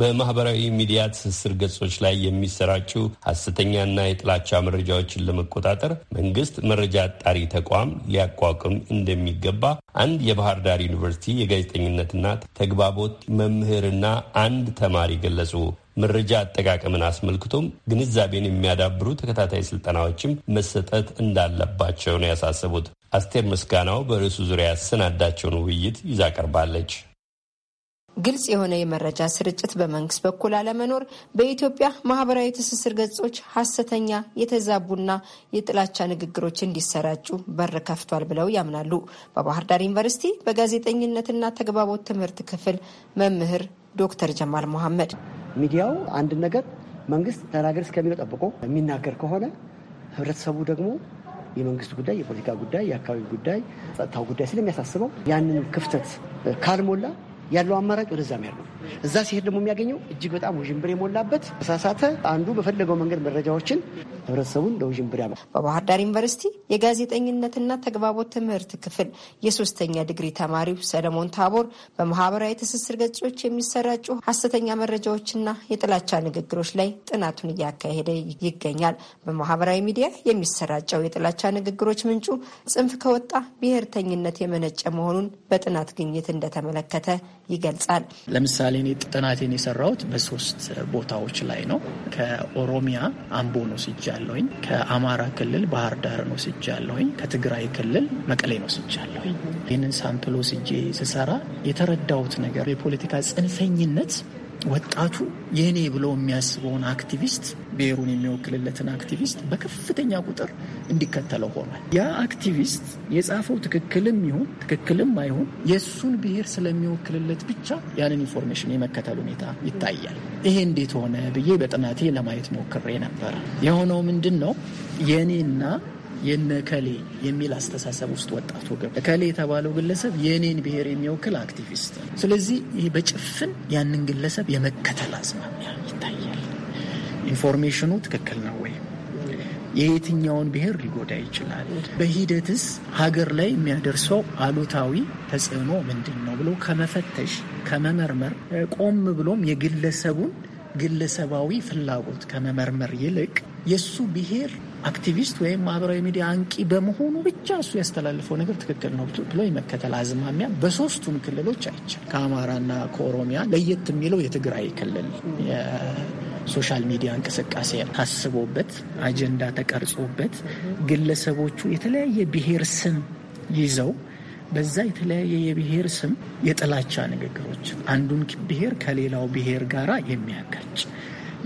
S2: በማህበራዊ ሚዲያ ትስስር ገጾች ላይ የሚሰራጩ ሐሰተኛና የጥላቻ መረጃዎችን ለመቆጣጠር መንግስት መረጃ አጣሪ ተቋም ሊያቋቁም እንደሚገባ አንድ የባህር ዳር ዩኒቨርሲቲ የጋዜጠኝነትና ተግባቦት መምህርና አንድ ተማሪ ገለጹ። መረጃ አጠቃቀምን አስመልክቶም ግንዛቤን የሚያዳብሩ ተከታታይ ስልጠናዎችም መሰጠት እንዳለባቸው ነው ያሳሰቡት። አስቴር ምስጋናው በርዕሱ ዙሪያ ያሰናዳቸውን ውይይት ይዛ ቀርባለች።
S10: ግልጽ የሆነ የመረጃ ስርጭት በመንግስት በኩል አለመኖር በኢትዮጵያ ማህበራዊ ትስስር ገጾች ሀሰተኛ፣ የተዛቡና የጥላቻ ንግግሮች እንዲሰራጩ በር ከፍቷል ብለው ያምናሉ። በባህር ዳር ዩኒቨርሲቲ በጋዜጠኝነትና ተግባቦት ትምህርት ክፍል መምህር ዶክተር ጀማል መሐመድ ሚዲያው አንድ
S15: ነገር መንግስት ተናገር እስከሚለው ጠብቆ የሚናገር ከሆነ ህብረተሰቡ ደግሞ የመንግስት ጉዳይ፣ የፖለቲካ ጉዳይ፣ የአካባቢ ጉዳይ፣ ጸጥታው ጉዳይ ስለሚያሳስበው ያንን ክፍተት ካልሞላ ያለው አማራጭ ወደዛ መሄድ ነው። እዛ ሲሄድ ደግሞ የሚያገኘው እጅግ በጣም ውዥንብር የሞላበት
S10: ተሳሳተ አንዱ በፈለገው መንገድ መረጃዎችን ህብረተሰቡን ለውዥንብር ያመ በባህር ዳር ዩኒቨርሲቲ የጋዜጠኝነትና ተግባቦት ትምህርት ክፍል የሶስተኛ ዲግሪ ተማሪው ሰለሞን ታቦር በማህበራዊ ትስስር ገጾች የሚሰራጩ ሀሰተኛ መረጃዎችና የጥላቻ ንግግሮች ላይ ጥናቱን እያካሄደ ይገኛል። በማህበራዊ ሚዲያ የሚሰራጨው የጥላቻ ንግግሮች ምንጩ ጽንፍ ከወጣ ብሔርተኝነት የመነጨ መሆኑን በጥናት ግኝት እንደተመለከተ ይገልጻል።
S16: ለምሳሌ እኔ ጥናቴን የሰራሁት በሶስት ቦታዎች ላይ ነው። ከኦሮሚያ አምቦን ወስጃለሁኝ፣ ከአማራ ክልል ባህር ዳርን ወስጃለሁኝ፣ ከትግራይ ክልል መቀሌን ወስጃለሁኝ። ይህንን ሳምፕል ወስጄ ስሰራ የተረዳሁት ነገር የፖለቲካ ጽንፈኝነት ወጣቱ የኔ ብሎ የሚያስበውን አክቲቪስት ብሔሩን የሚወክልለትን አክቲቪስት በከፍተኛ ቁጥር እንዲከተለው ሆኗል። ያ አክቲቪስት የጻፈው ትክክልም ይሁን ትክክልም አይሁን የእሱን ብሔር ስለሚወክልለት ብቻ ያንን ኢንፎርሜሽን የመከተል ሁኔታ ይታያል። ይሄ እንዴት ሆነ ብዬ በጥናቴ ለማየት ሞክሬ ነበረ። የሆነው ምንድን ነው የእኔና የነ ከሌ የሚል አስተሳሰብ ውስጥ ወጣቱ ገባ። ከሌ የተባለው ግለሰብ የእኔን ብሔር የሚወክል አክቲቪስት ነው። ስለዚህ ይህ በጭፍን ያንን ግለሰብ የመከተል አዝማሚያ ይታያል። ኢንፎርሜሽኑ ትክክል ነው ወይ? የየትኛውን ብሔር ሊጎዳ ይችላል? በሂደትስ ሀገር ላይ የሚያደርሰው አሉታዊ ተጽዕኖ ምንድን ነው ብሎ ከመፈተሽ ከመመርመር፣ ቆም ብሎም የግለሰቡን ግለሰባዊ ፍላጎት ከመመርመር ይልቅ የእሱ ብሔር አክቲቪስት ወይም ማህበራዊ ሚዲያ አንቂ በመሆኑ ብቻ እሱ ያስተላልፈው ነገር ትክክል ነው ብሎ የመከተል አዝማሚያ በሶስቱም ክልሎች አይቻል። ከአማራና ከኦሮሚያ ለየት የሚለው የትግራይ ክልል ሶሻል ሚዲያ እንቅስቃሴ ታስቦበት አጀንዳ ተቀርጾበት ግለሰቦቹ የተለያየ ብሔር ስም ይዘው በዛ የተለያየ የብሔር ስም የጥላቻ ንግግሮች አንዱን ብሔር ከሌላው ብሔር ጋራ የሚያጋጭ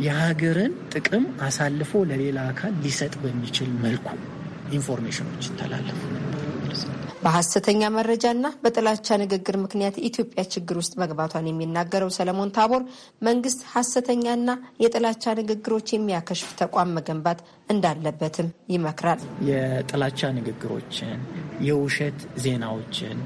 S16: የሀገርን ጥቅም አሳልፎ ለሌላ አካል ሊሰጥ በሚችል መልኩ ኢንፎርሜሽኖች ይተላለፉ
S10: በሀሰተኛ መረጃ መረጃና በጥላቻ ንግግር ምክንያት ኢትዮጵያ ችግር ውስጥ መግባቷን የሚናገረው ሰለሞን ታቦር መንግስት ሀሰተኛና የጥላቻ ንግግሮች የሚያከሽፍ ተቋም መገንባት እንዳለበትም ይመክራል።
S16: የጥላቻ ንግግሮችን፣ የውሸት ዜናዎችን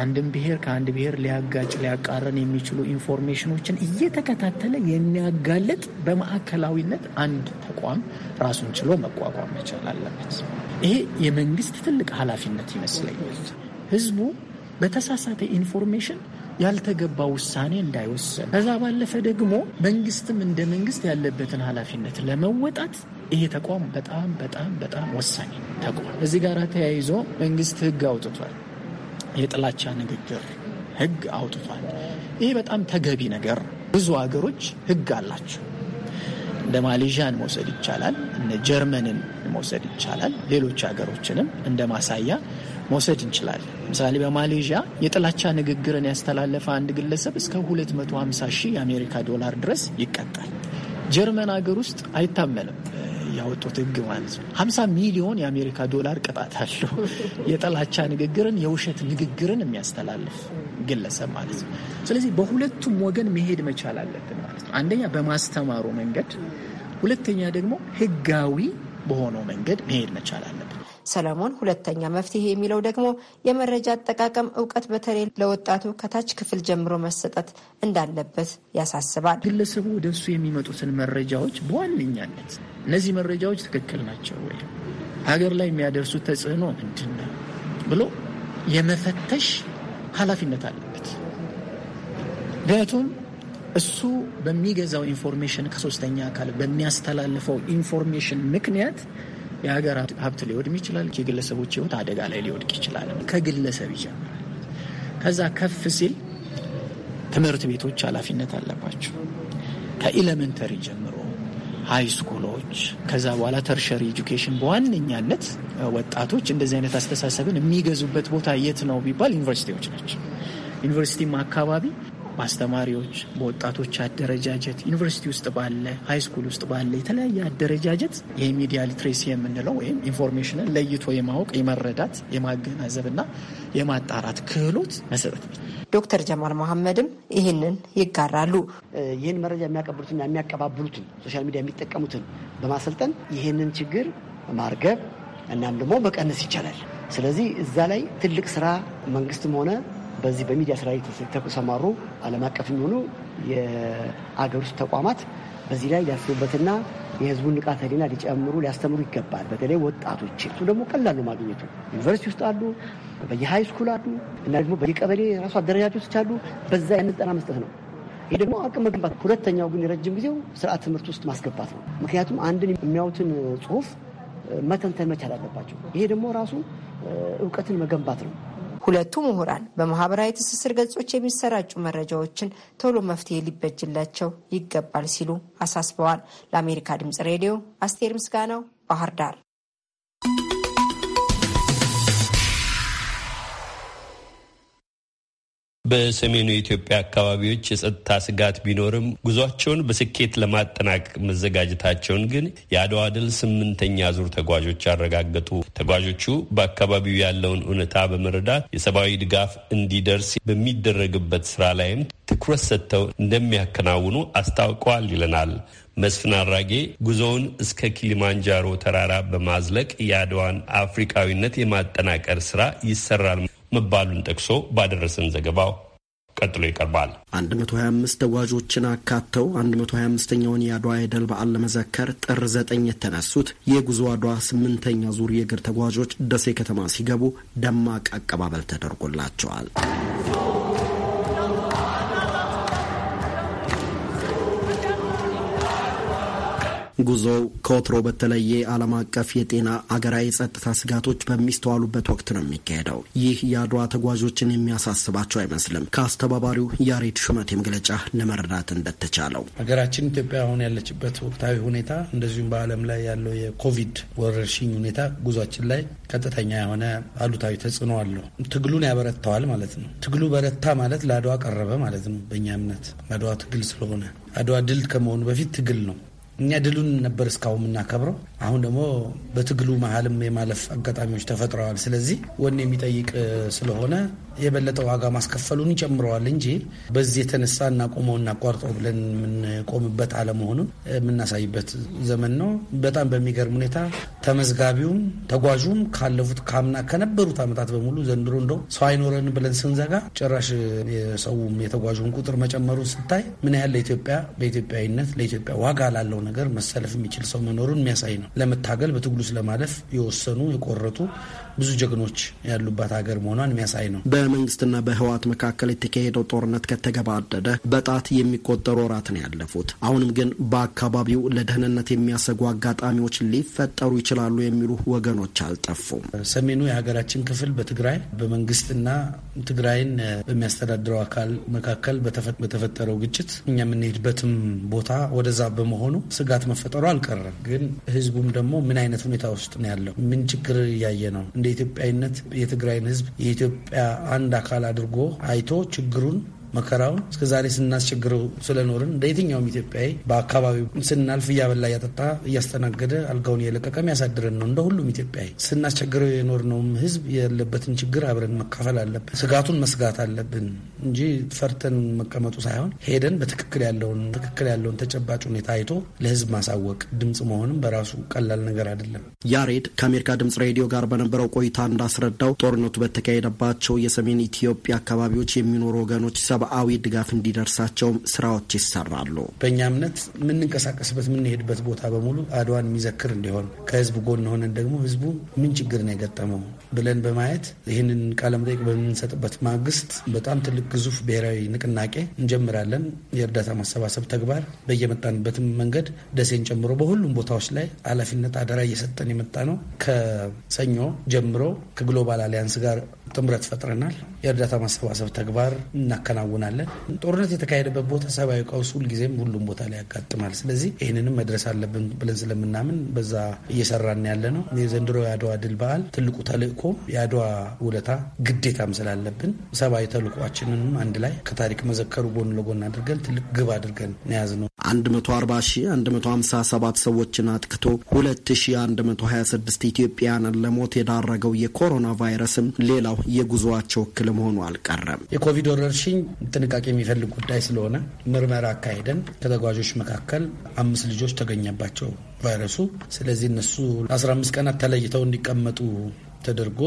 S16: አንድን ብሔር ከአንድ ብሔር ሊያጋጭ ሊያቃረን የሚችሉ ኢንፎርሜሽኖችን እየተከታተለ የሚያጋለጥ በማዕከላዊነት አንድ ተቋም ራሱን ችሎ መቋቋም መቻል አለበት። ይሄ የመንግስት ትልቅ ኃላፊነት ይመስለኛል። ህዝቡ በተሳሳተ ኢንፎርሜሽን ያልተገባ ውሳኔ እንዳይወሰን፣ ከዛ ባለፈ ደግሞ መንግስትም እንደ መንግስት ያለበትን ኃላፊነት ለመወጣት ይሄ ተቋም በጣም በጣም በጣም ወሳኝ ተቋም። እዚህ ጋር ተያይዞ መንግስት ህግ አውጥቷል። የጥላቻ ንግግር ህግ አውጥቷል። ይህ በጣም ተገቢ ነገር። ብዙ ሀገሮች ህግ አላቸው። እንደ ማሌዥያን መውሰድ ይቻላል። እንደ ጀርመንን መውሰድ ይቻላል። ሌሎች ሀገሮችንም እንደ ማሳያ መውሰድ እንችላለን። ለምሳሌ በማሌዥያ የጥላቻ ንግግርን ያስተላለፈ አንድ ግለሰብ እስከ 250 ሺህ የአሜሪካ ዶላር ድረስ ይቀጣል። ጀርመን ሀገር ውስጥ አይታመንም። ያወጡት ህግ ማለት ነው። ሀምሳ ሚሊዮን የአሜሪካ ዶላር ቅጣት አለው። የጥላቻ ንግግርን የውሸት ንግግርን የሚያስተላልፍ ግለሰብ ማለት ነው። ስለዚህ በሁለቱም ወገን መሄድ መቻል አለብን ማለት ነው። አንደኛ በማስተማሩ መንገድ፣
S10: ሁለተኛ ደግሞ ህጋዊ በሆነው መንገድ መሄድ መቻል አለ ሰለሞን ሁለተኛ መፍትሄ የሚለው ደግሞ የመረጃ አጠቃቀም እውቀት በተለይ ለወጣቱ ከታች ክፍል ጀምሮ መሰጠት እንዳለበት
S16: ያሳስባል። ግለሰቡ ወደ እሱ የሚመጡትን መረጃዎች በዋነኛነት እነዚህ መረጃዎች ትክክል ናቸው ወይ፣ ሀገር ላይ የሚያደርሱት ተጽዕኖ ምንድን ነው ብሎ የመፈተሽ ኃላፊነት አለበት። ምክንያቱም እሱ በሚገዛው ኢንፎርሜሽን ከሶስተኛ አካል በሚያስተላልፈው ኢንፎርሜሽን ምክንያት የሀገር ሀብት ሊወድም ይችላል። የግለሰቦች ህይወት አደጋ ላይ ሊወድቅ ይችላል። ከግለሰብ ይጀምራል። ከዛ ከፍ ሲል ትምህርት ቤቶች ኃላፊነት አለባቸው። ከኢለመንተሪ ጀምሮ ሀይ ስኩሎች፣ ከዛ በኋላ ተርሸሪ ኤጁኬሽን በዋነኛነት ወጣቶች እንደዚህ አይነት አስተሳሰብን የሚገዙበት ቦታ የት ነው ቢባል ዩኒቨርሲቲዎች ናቸው። ዩኒቨርሲቲም አካባቢ በአስተማሪዎች፣ በወጣቶች አደረጃጀት፣ ዩኒቨርሲቲ ውስጥ ባለ ሃይስኩል ውስጥ ባለ የተለያየ አደረጃጀት የሚዲያ ሊትሬሲ የምንለው ወይም ኢንፎርሜሽንን ለይቶ የማወቅ የመረዳት፣ የማገናዘብና የማጣራት ክህሎት መሰጠት። ዶክተር
S15: ጀማል መሐመድም ይህንን ይጋራሉ። ይህን መረጃ የሚያቀብሉትና የሚያቀባብሉትን ሶሻል ሚዲያ የሚጠቀሙትን በማሰልጠን ይህንን ችግር ማርገብ እናም ደግሞ መቀነስ ይቻላል። ስለዚህ እዛ ላይ ትልቅ ስራ መንግስትም ሆነ በዚህ በሚዲያ ስራ የተሰማሩ ዓለም አቀፍ የሚሆኑ የአገር ውስጥ ተቋማት በዚህ ላይ ሊያስቡበትና የህዝቡን ንቃተ ህሊና ሊጨምሩ ሊያስተምሩ ይገባል። በተለይ ወጣቶች እሱ ደግሞ ቀላል ነው ማግኘቱ። ዩኒቨርሲቲ ውስጥ አሉ፣ በየሃይ ስኩል አሉ እና ደግሞ በየቀበሌ ራሱ አደረጃጀቶች አሉ። በዛ ያንን ጠና መስጠት ነው። ይህ ደግሞ አቅም መገንባት። ሁለተኛው ግን የረጅም ጊዜው ስርዓት ትምህርት ውስጥ ማስገባት ነው። ምክንያቱም አንድን የሚያዩትን ጽሁፍ መተንተን መቻል አለባቸው። ይሄ ደግሞ
S10: ራሱ እውቀትን መገንባት ነው። ሁለቱ ምሁራን በማህበራዊ ትስስር ገጾች የሚሰራጩ መረጃዎችን ቶሎ መፍትሄ ሊበጅላቸው ይገባል ሲሉ አሳስበዋል። ለአሜሪካ ድምጽ ሬዲዮ አስቴር ምስጋናው ባህር ዳር።
S2: በሰሜኑ የኢትዮጵያ አካባቢዎች የጸጥታ ስጋት ቢኖርም ጉዟቸውን በስኬት ለማጠናቀቅ መዘጋጀታቸውን ግን የአድዋ ድል ስምንተኛ ዙር ተጓዦች አረጋገጡ። ተጓዦቹ በአካባቢው ያለውን እውነታ በመረዳት የሰብአዊ ድጋፍ እንዲደርስ በሚደረግበት ስራ ላይም ትኩረት ሰጥተው እንደሚያከናውኑ አስታውቀዋል ይለናል መስፍን አራጌ ጉዞውን እስከ ኪሊማንጃሮ ተራራ በማዝለቅ የአድዋን አፍሪካዊነት የማጠናቀር ስራ ይሰራል መባሉን ጠቅሶ ባደረሰን ዘገባው ቀጥሎ ይቀርባል።
S17: 125 ተጓዦችን አካተው 125ኛውን የአድዋ የድል በዓል ለመዘከር ጥር 9 የተነሱት የጉዞ አድዋ ስምንተኛ ዙር የእግር ተጓዦች ደሴ ከተማ ሲገቡ ደማቅ አቀባበል ተደርጎላቸዋል። ጉዞው ከወትሮ በተለየ ዓለም አቀፍ የጤና አገራዊ የጸጥታ ስጋቶች በሚስተዋሉበት ወቅት ነው የሚካሄደው። ይህ የአድዋ ተጓዦችን የሚያሳስባቸው አይመስልም። ከአስተባባሪው ያሬድ ሹመቴ መግለጫ ለመረዳት እንደተቻለው
S18: ሀገራችን ኢትዮጵያ አሁን ያለችበት ወቅታዊ ሁኔታ እንደዚሁም በዓለም ላይ ያለው የኮቪድ ወረርሽኝ ሁኔታ ጉዟችን ላይ ቀጥተኛ የሆነ አሉታዊ ተጽዕኖ አለው። ትግሉን ያበረታዋል ማለት ነው። ትግሉ በረታ ማለት ለአድዋ ቀረበ ማለት ነው። በእኛ እምነት አድዋ ትግል ስለሆነ አድዋ ድል ከመሆኑ በፊት ትግል ነው። እኛ ድሉን ነበር እስካሁን የምናከብረው። አሁን ደግሞ በትግሉ መሀልም የማለፍ አጋጣሚዎች ተፈጥረዋል። ስለዚህ ወን የሚጠይቅ ስለሆነ የበለጠ ዋጋ ማስከፈሉን ይጨምረዋል እንጂ በዚህ የተነሳ እናቆመው እናቋርጠው ብለን የምንቆምበት አለመሆኑን የምናሳይበት ዘመን ነው። በጣም በሚገርም ሁኔታ ተመዝጋቢውም ተጓዡም ካለፉት ካምና ከነበሩት ዓመታት በሙሉ ዘንድሮ እንደው ሰው አይኖረን ብለን ስንዘጋ ጭራሽ የሰውም የተጓዡን ቁጥር መጨመሩ ስታይ ምን ያህል ለኢትዮጵያ በኢትዮጵያዊነት ለኢትዮጵያ ዋጋ ላለው ነገር መሰለፍ የሚችል ሰው መኖሩን የሚያሳይ ነው። ለመታገል በትግሉ ስለማለፍ የወሰኑ የቆረጡ ብዙ ጀግኖች ያሉባት ሀገር መሆኗን የሚያሳይ ነው።
S17: በመንግስትና በህወሓት መካከል የተካሄደው ጦርነት ከተገባደደ በጣት የሚቆጠሩ ወራት ነው ያለፉት። አሁንም ግን በአካባቢው ለደህንነት የሚያሰጉ አጋጣሚዎች ሊፈጠሩ ይችላሉ የሚሉ ወገኖች አልጠፉም።
S18: ሰሜኑ የሀገራችን ክፍል በትግራይ በመንግስትና ትግራይን በሚያስተዳድረው አካል መካከል በተፈጠረው ግጭት እኛ የምንሄድበትም ቦታ ወደዛ በመሆኑ ስጋት መፈጠሩ አልቀረም። ግን ህዝቡም ደግሞ ምን አይነት ሁኔታ ውስጥ ነው ያለው? ምን ችግር እያየ ነው? እንደ ኢትዮጵያዊነት የትግራይን ህዝብ የኢትዮጵያ አንድ አካል አድርጎ አይቶ ችግሩን መከራውን እስከዛሬ ስናስቸግረው ስለኖርን እንደ የትኛውም ኢትዮጵያዊ በአካባቢው ስናልፍ እያበላ እያጠጣ እያስተናገደ አልጋውን እየለቀቀ የሚያሳድረን ነው። እንደ ሁሉም ኢትዮጵያዊ ስናስቸግረው የኖርነውም ህዝብ ያለበትን ችግር አብረን መካፈል አለብን። ስጋቱን መስጋት አለብን እንጂ ፈርተን መቀመጡ ሳይሆን ሄደን በትክክል ያለውን ትክክል ያለውን ተጨባጭ ሁኔታ አይቶ ለህዝብ ማሳወቅ ድምፅ መሆንም በራሱ ቀላል ነገር አይደለም።
S17: ያሬድ ከአሜሪካ ድምፅ ሬዲዮ ጋር በነበረው ቆይታ እንዳስረዳው ጦርነቱ በተካሄደባቸው የሰሜን ኢትዮጵያ አካባቢዎች የሚኖሩ ወገኖች ሰባ ሰብአዊ ድጋፍ እንዲደርሳቸውም ስራዎች ይሰራሉ። በእኛ እምነት
S18: የምንንቀሳቀስበት የምንሄድበት ቦታ በሙሉ አድዋን የሚዘክር እንዲሆን ከህዝብ ጎን ሆነን ደግሞ ህዝቡ ምን ችግር ነው የገጠመው ብለን በማየት ይህንን ቃለ መጠይቅ በምንሰጥበት ማግስት በጣም ትልቅ ግዙፍ ብሔራዊ ንቅናቄ እንጀምራለን። የእርዳታ ማሰባሰብ ተግባር በየመጣንበትም መንገድ ደሴን ጨምሮ በሁሉም ቦታዎች ላይ ኃላፊነት አደራ እየሰጠን የመጣ ነው። ከሰኞ ጀምሮ ከግሎባል አሊያንስ ጋር ጥምረት ፈጥረናል። የእርዳታ ማሰባሰብ ተግባር እናከናወ እናከናውናለን። ጦርነት የተካሄደበት ቦታ ሰብአዊ ቀውስ ሁልጊዜም ሁሉም ቦታ ላይ ያጋጥማል። ስለዚህ ይህንንም መድረስ አለብን ብለን ስለምናምን በዛ እየሰራን ያለ ነው። የዘንድሮ የአድዋ ድል በዓል ትልቁ ተልእኮ የአድዋ ውለታ ግዴታም ስላለብን ሰብአዊ ተልእኳችንንም አንድ ላይ ከታሪክ መዘከሩ ጎን ለጎን አድርገን ትልቅ ግብ አድርገን
S17: ነያዝ ነው። 140157 ሰዎችን አጥክቶ 2126 ኢትዮጵያውያንን ለሞት የዳረገው የኮሮና ቫይረስም ሌላው የጉዞዋቸው እክል መሆኑ አልቀረም። የኮቪድ ወረርሽኝ
S18: ጥንቃቄ የሚፈልግ ጉዳይ ስለሆነ ምርመራ አካሄደን ከተጓዦች መካከል አምስት ልጆች ተገኘባቸው ቫይረሱ። ስለዚህ እነሱ 15 ቀናት ተለይተው እንዲቀመጡ ተደርጎ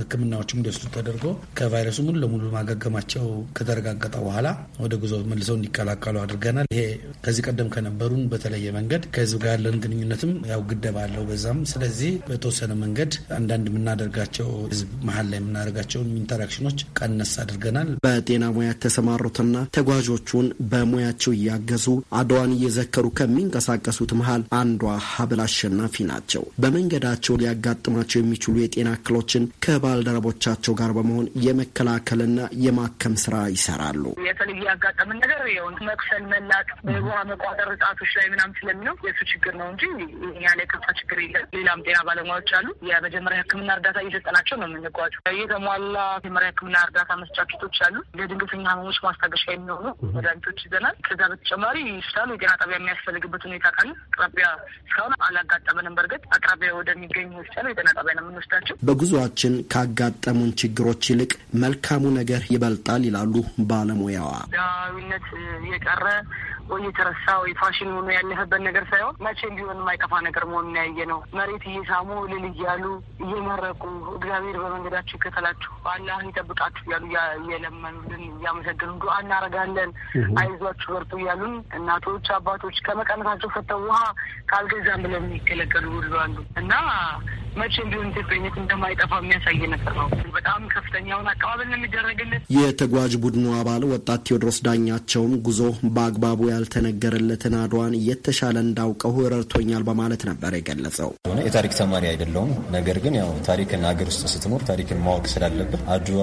S18: ሕክምናዎችም እንደሱ ተደርጎ ከቫይረሱ ሙሉ ለሙሉ ማገገማቸው ከተረጋገጠ በኋላ ወደ ጉዞ መልሰው እንዲቀላቀሉ አድርገናል። ይሄ ከዚህ ቀደም ከነበሩን በተለየ መንገድ ከህዝብ ጋር ያለን ግንኙነትም ያው ግደባ አለው በዛም። ስለዚህ በተወሰነ መንገድ አንዳንድ የምናደርጋቸው ህዝብ መሀል ላይ የምናደርጋቸው ኢንተራክሽኖች ቀነስ አድርገናል።
S17: በጤና ሙያ የተሰማሩትና ተጓዦቹን በሙያቸው እያገዙ አድዋን እየዘከሩ ከሚንቀሳቀሱት መሀል አንዷ ሀብል አሸናፊ ናቸው። በመንገዳቸው ሊያጋጥማቸው የሚችሉ የጤና እክሎችን ከ ከባልደረቦቻቸው ጋር በመሆን የመከላከልና የማከም ስራ ይሰራሉ።
S14: የተለየ ያጋጠምን ነገር የሆነ መክሰል መላቅ ውሃ መቋጠር እጣቶች ላይ ምናምን ስለሚሆን የእሱ ችግር ነው እንጂ እኛ ላይ ከፋ ችግር የለም። ሌላም ጤና ባለሙያዎች አሉ። የመጀመሪያ ሕክምና እርዳታ እየሰጠናቸው ነው የምንጓቸው። የተሟላ መጀመሪያ ሕክምና እርዳታ መስጫ ኪቶች አሉ። ለድንገተኛ ህመሞች ማስታገሻ የሚሆኑ መድኃኒቶች ይዘናል። ከዛ በተጨማሪ ይችላሉ የጤና ጣቢያ የሚያስፈልግበት ሁኔታ ካለ አቅራቢያ እስካሁን አላጋጠመንም። በእርግጥ አቅራቢያ ወደሚገኝ ሆስፒታል የጤና ጣቢያ ነው የምንወስዳቸው።
S17: በጉዞአችን ካጋጠሙን ችግሮች ይልቅ መልካሙ ነገር ይበልጣል ይላሉ ባለሙያዋ።
S14: ዳዊነት የቀረ ወይ የተረሳ ወይ ፋሽን ሆኖ ያለፈበት ነገር ሳይሆን መቼም ቢሆን የማይጠፋ ነገር መሆኑን ያየ ነው። መሬት እየሳሙ ልል እያሉ እየመረቁ እግዚአብሔር በመንገዳችሁ ይከተላችሁ፣ አላህ ይጠብቃችሁ እያሉ እየለመኑልን እያመሰገኑ ዱዓ እናደርጋለን። አይዟችሁ በርቱ እያሉን እናቶች አባቶች ከመቀነታቸው ፈተው ውሃ ካልገዛም ብለው የሚገለገሉ ሁሉ አሉ እና መቼም ቢሆን ኢትዮጵያዊነት እንደማይጠፋ የሚያሳይ ነገር ነው። በጣም ከፍተኛውን አቀባበል ነው የሚደረግልን።
S17: የተጓዥ ቡድኑ አባል ወጣት ቴዎድሮስ ዳኛቸውም ጉዞ በአግባቡ ያልተነገረለትን አድዋን እየተሻለ እንዳውቀው
S9: ረድቶኛል በማለት ነበር የገለጸው። የታሪክ ተማሪ አይደለውም። ነገር ግን ያው ታሪክን ሀገር ውስጥ ስትኖር ታሪክን ማወቅ ስላለብህ አድዋ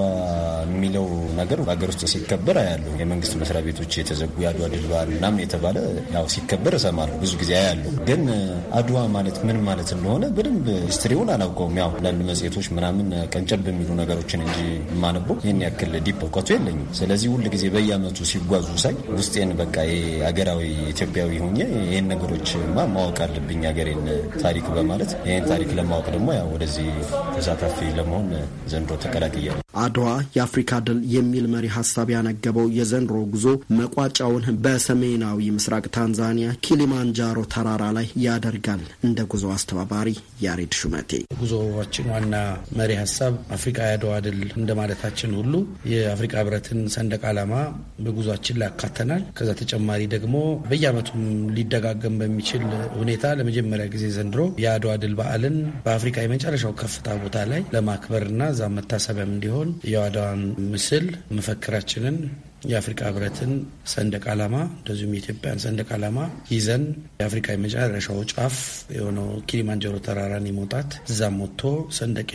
S9: የሚለው ነገር ሀገር ውስጥ ሲከበር አያለሁ። የመንግስት መስሪያ ቤቶች የተዘጉ የአድዋ ድል በዓል ምናምን የተባለ ያው ሲከበር እሰማለሁ፣ ብዙ ጊዜ አያለሁ። ግን አድዋ ማለት ምን ማለት እንደሆነ በደንብ ስትሪውን አላውቀውም። ያው አንዳንድ መጽሔቶች ምናምን ቀንጨብ የሚሉ ነገሮችን እንጂ የማነበው ይህን ያክል ዲፕ እውቀቱ የለኝም። ስለዚህ ሁል ጊዜ በየአመቱ ሲጓዙ ሳይ ውስጤን በቃ ሀገራዊ ኢትዮጵያዊ ሆኜ ይህን ነገሮችማ ማወቅ አለብኝ ሀገሬን ታሪክ በማለት ይህን ታሪክ ለማወቅ ደግሞ ያው ወደዚህ ተሳታፊ ለመሆን ዘንድሮ ተቀላቅያለሁ።
S17: አድዋ የአፍሪካ ድል የሚል መሪ ሀሳብ ያነገበው የዘንድሮ ጉዞ መቋጫውን በሰሜናዊ ምስራቅ ታንዛኒያ ኪሊማንጃሮ ተራራ ላይ ያደርጋል። እንደ ጉዞ አስተባባሪ ያሬድ ሹመቴ
S18: ጉዞዎችን ዋና መሪ ሀሳብ አፍሪካ የአድዋ ድል እንደማለታችን ሁሉ የአፍሪካ ህብረትን ሰንደቅ ዓላማ በጉዟችን ላይ ያካተናል። ከዛ ተጨማሪ ደግሞ በየዓመቱም ሊደጋገም በሚችል ሁኔታ ለመጀመሪያ ጊዜ ዘንድሮ የአድዋ ድል በዓልን በአፍሪካ የመጨረሻው ከፍታ ቦታ ላይ ለማክበርና እዛ መታሰቢያም እንዲሆን የአድዋን ምስል መፈክራችንን የአፍሪካ ህብረትን ሰንደቅ ዓላማ እንደዚሁም የኢትዮጵያን ሰንደቅ ዓላማ ይዘን የአፍሪካ የመጨረሻው ጫፍ የሆነው ኪሊማንጀሮ ተራራን የመውጣት እዛም ወጥቶ ሰንደቅ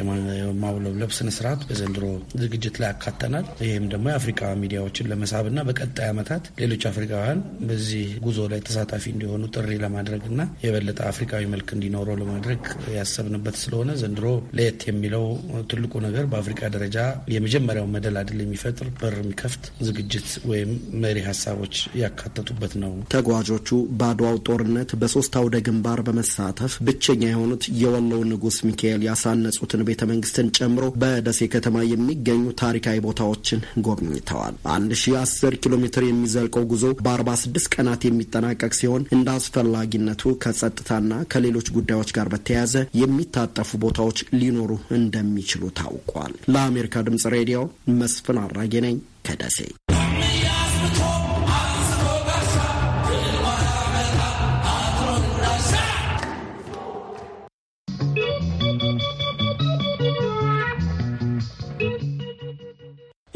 S18: የማውለብለብ ስነስርዓት በዘንድሮ ዝግጅት ላይ ያካተናል። ይህም ደግሞ የአፍሪካ ሚዲያዎችን ለመሳብና በቀጣይ ዓመታት ሌሎች አፍሪካውያን በዚህ ጉዞ ላይ ተሳታፊ እንዲሆኑ ጥሪ ለማድረግና የበለጠ አፍሪካዊ መልክ እንዲኖረው ለማድረግ ያሰብንበት ስለሆነ ዘንድሮ ለየት የሚለው ትልቁ ነገር በአፍሪካ ደረጃ የመጀመሪያው መደላድል የሚፈጥር በር የሚከፍት ዝግጅት ዝግጅት ወይም መሪ ሀሳቦች ያካተቱበት ነው።
S17: ተጓዦቹ በአድዋው ጦርነት በሶስት አውደ ግንባር በመሳተፍ ብቸኛ የሆኑት የወሎው ንጉሥ ሚካኤል ያሳነጹትን ቤተ መንግስትን ጨምሮ በደሴ ከተማ የሚገኙ ታሪካዊ ቦታዎችን ጎብኝተዋል። አስር ኪሎ ሜትር የሚዘልቀው ጉዞ በ ስድስት ቀናት የሚጠናቀቅ ሲሆን እንደ አስፈላጊነቱ ከጸጥታና ከሌሎች ጉዳዮች ጋር በተያያዘ የሚታጠፉ ቦታዎች ሊኖሩ እንደሚችሉ ታውቋል። ለአሜሪካ ድምጽ ሬዲዮ መስፍን አራጌ ነኝ ከደሴ። the top.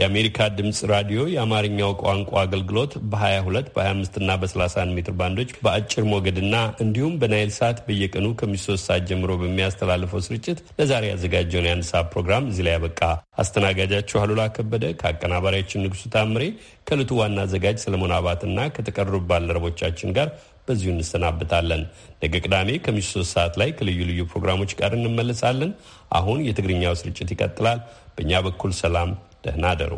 S2: የአሜሪካ ድምፅ ራዲዮ የአማርኛው ቋንቋ አገልግሎት በ22 በ25ና በ31 ሜትር ባንዶች በአጭር ሞገድና እንዲሁም በናይል ሳት በየቀኑ ከምሽቱ 3 ሰዓት ጀምሮ በሚያስተላልፈው ስርጭት ለዛሬ ያዘጋጀውን የአንድ ሰዓት ፕሮግራም እዚህ ላይ ያበቃ። አስተናጋጃችሁ አሉላ ከበደ ከአቀናባሪያችን ንጉሱ ታምሬ ከእለቱ ዋና አዘጋጅ ሰለሞን አባትና ከተቀሩ ባልደረቦቻችን ጋር በዚሁ እንሰናብታለን። ነገ ቅዳሜ ከምሽቱ 3 ሰዓት ላይ ከልዩ ልዩ ፕሮግራሞች ጋር እንመለሳለን። አሁን የትግርኛው ስርጭት ይቀጥላል። በእኛ በኩል ሰላም ደህና አደሩ።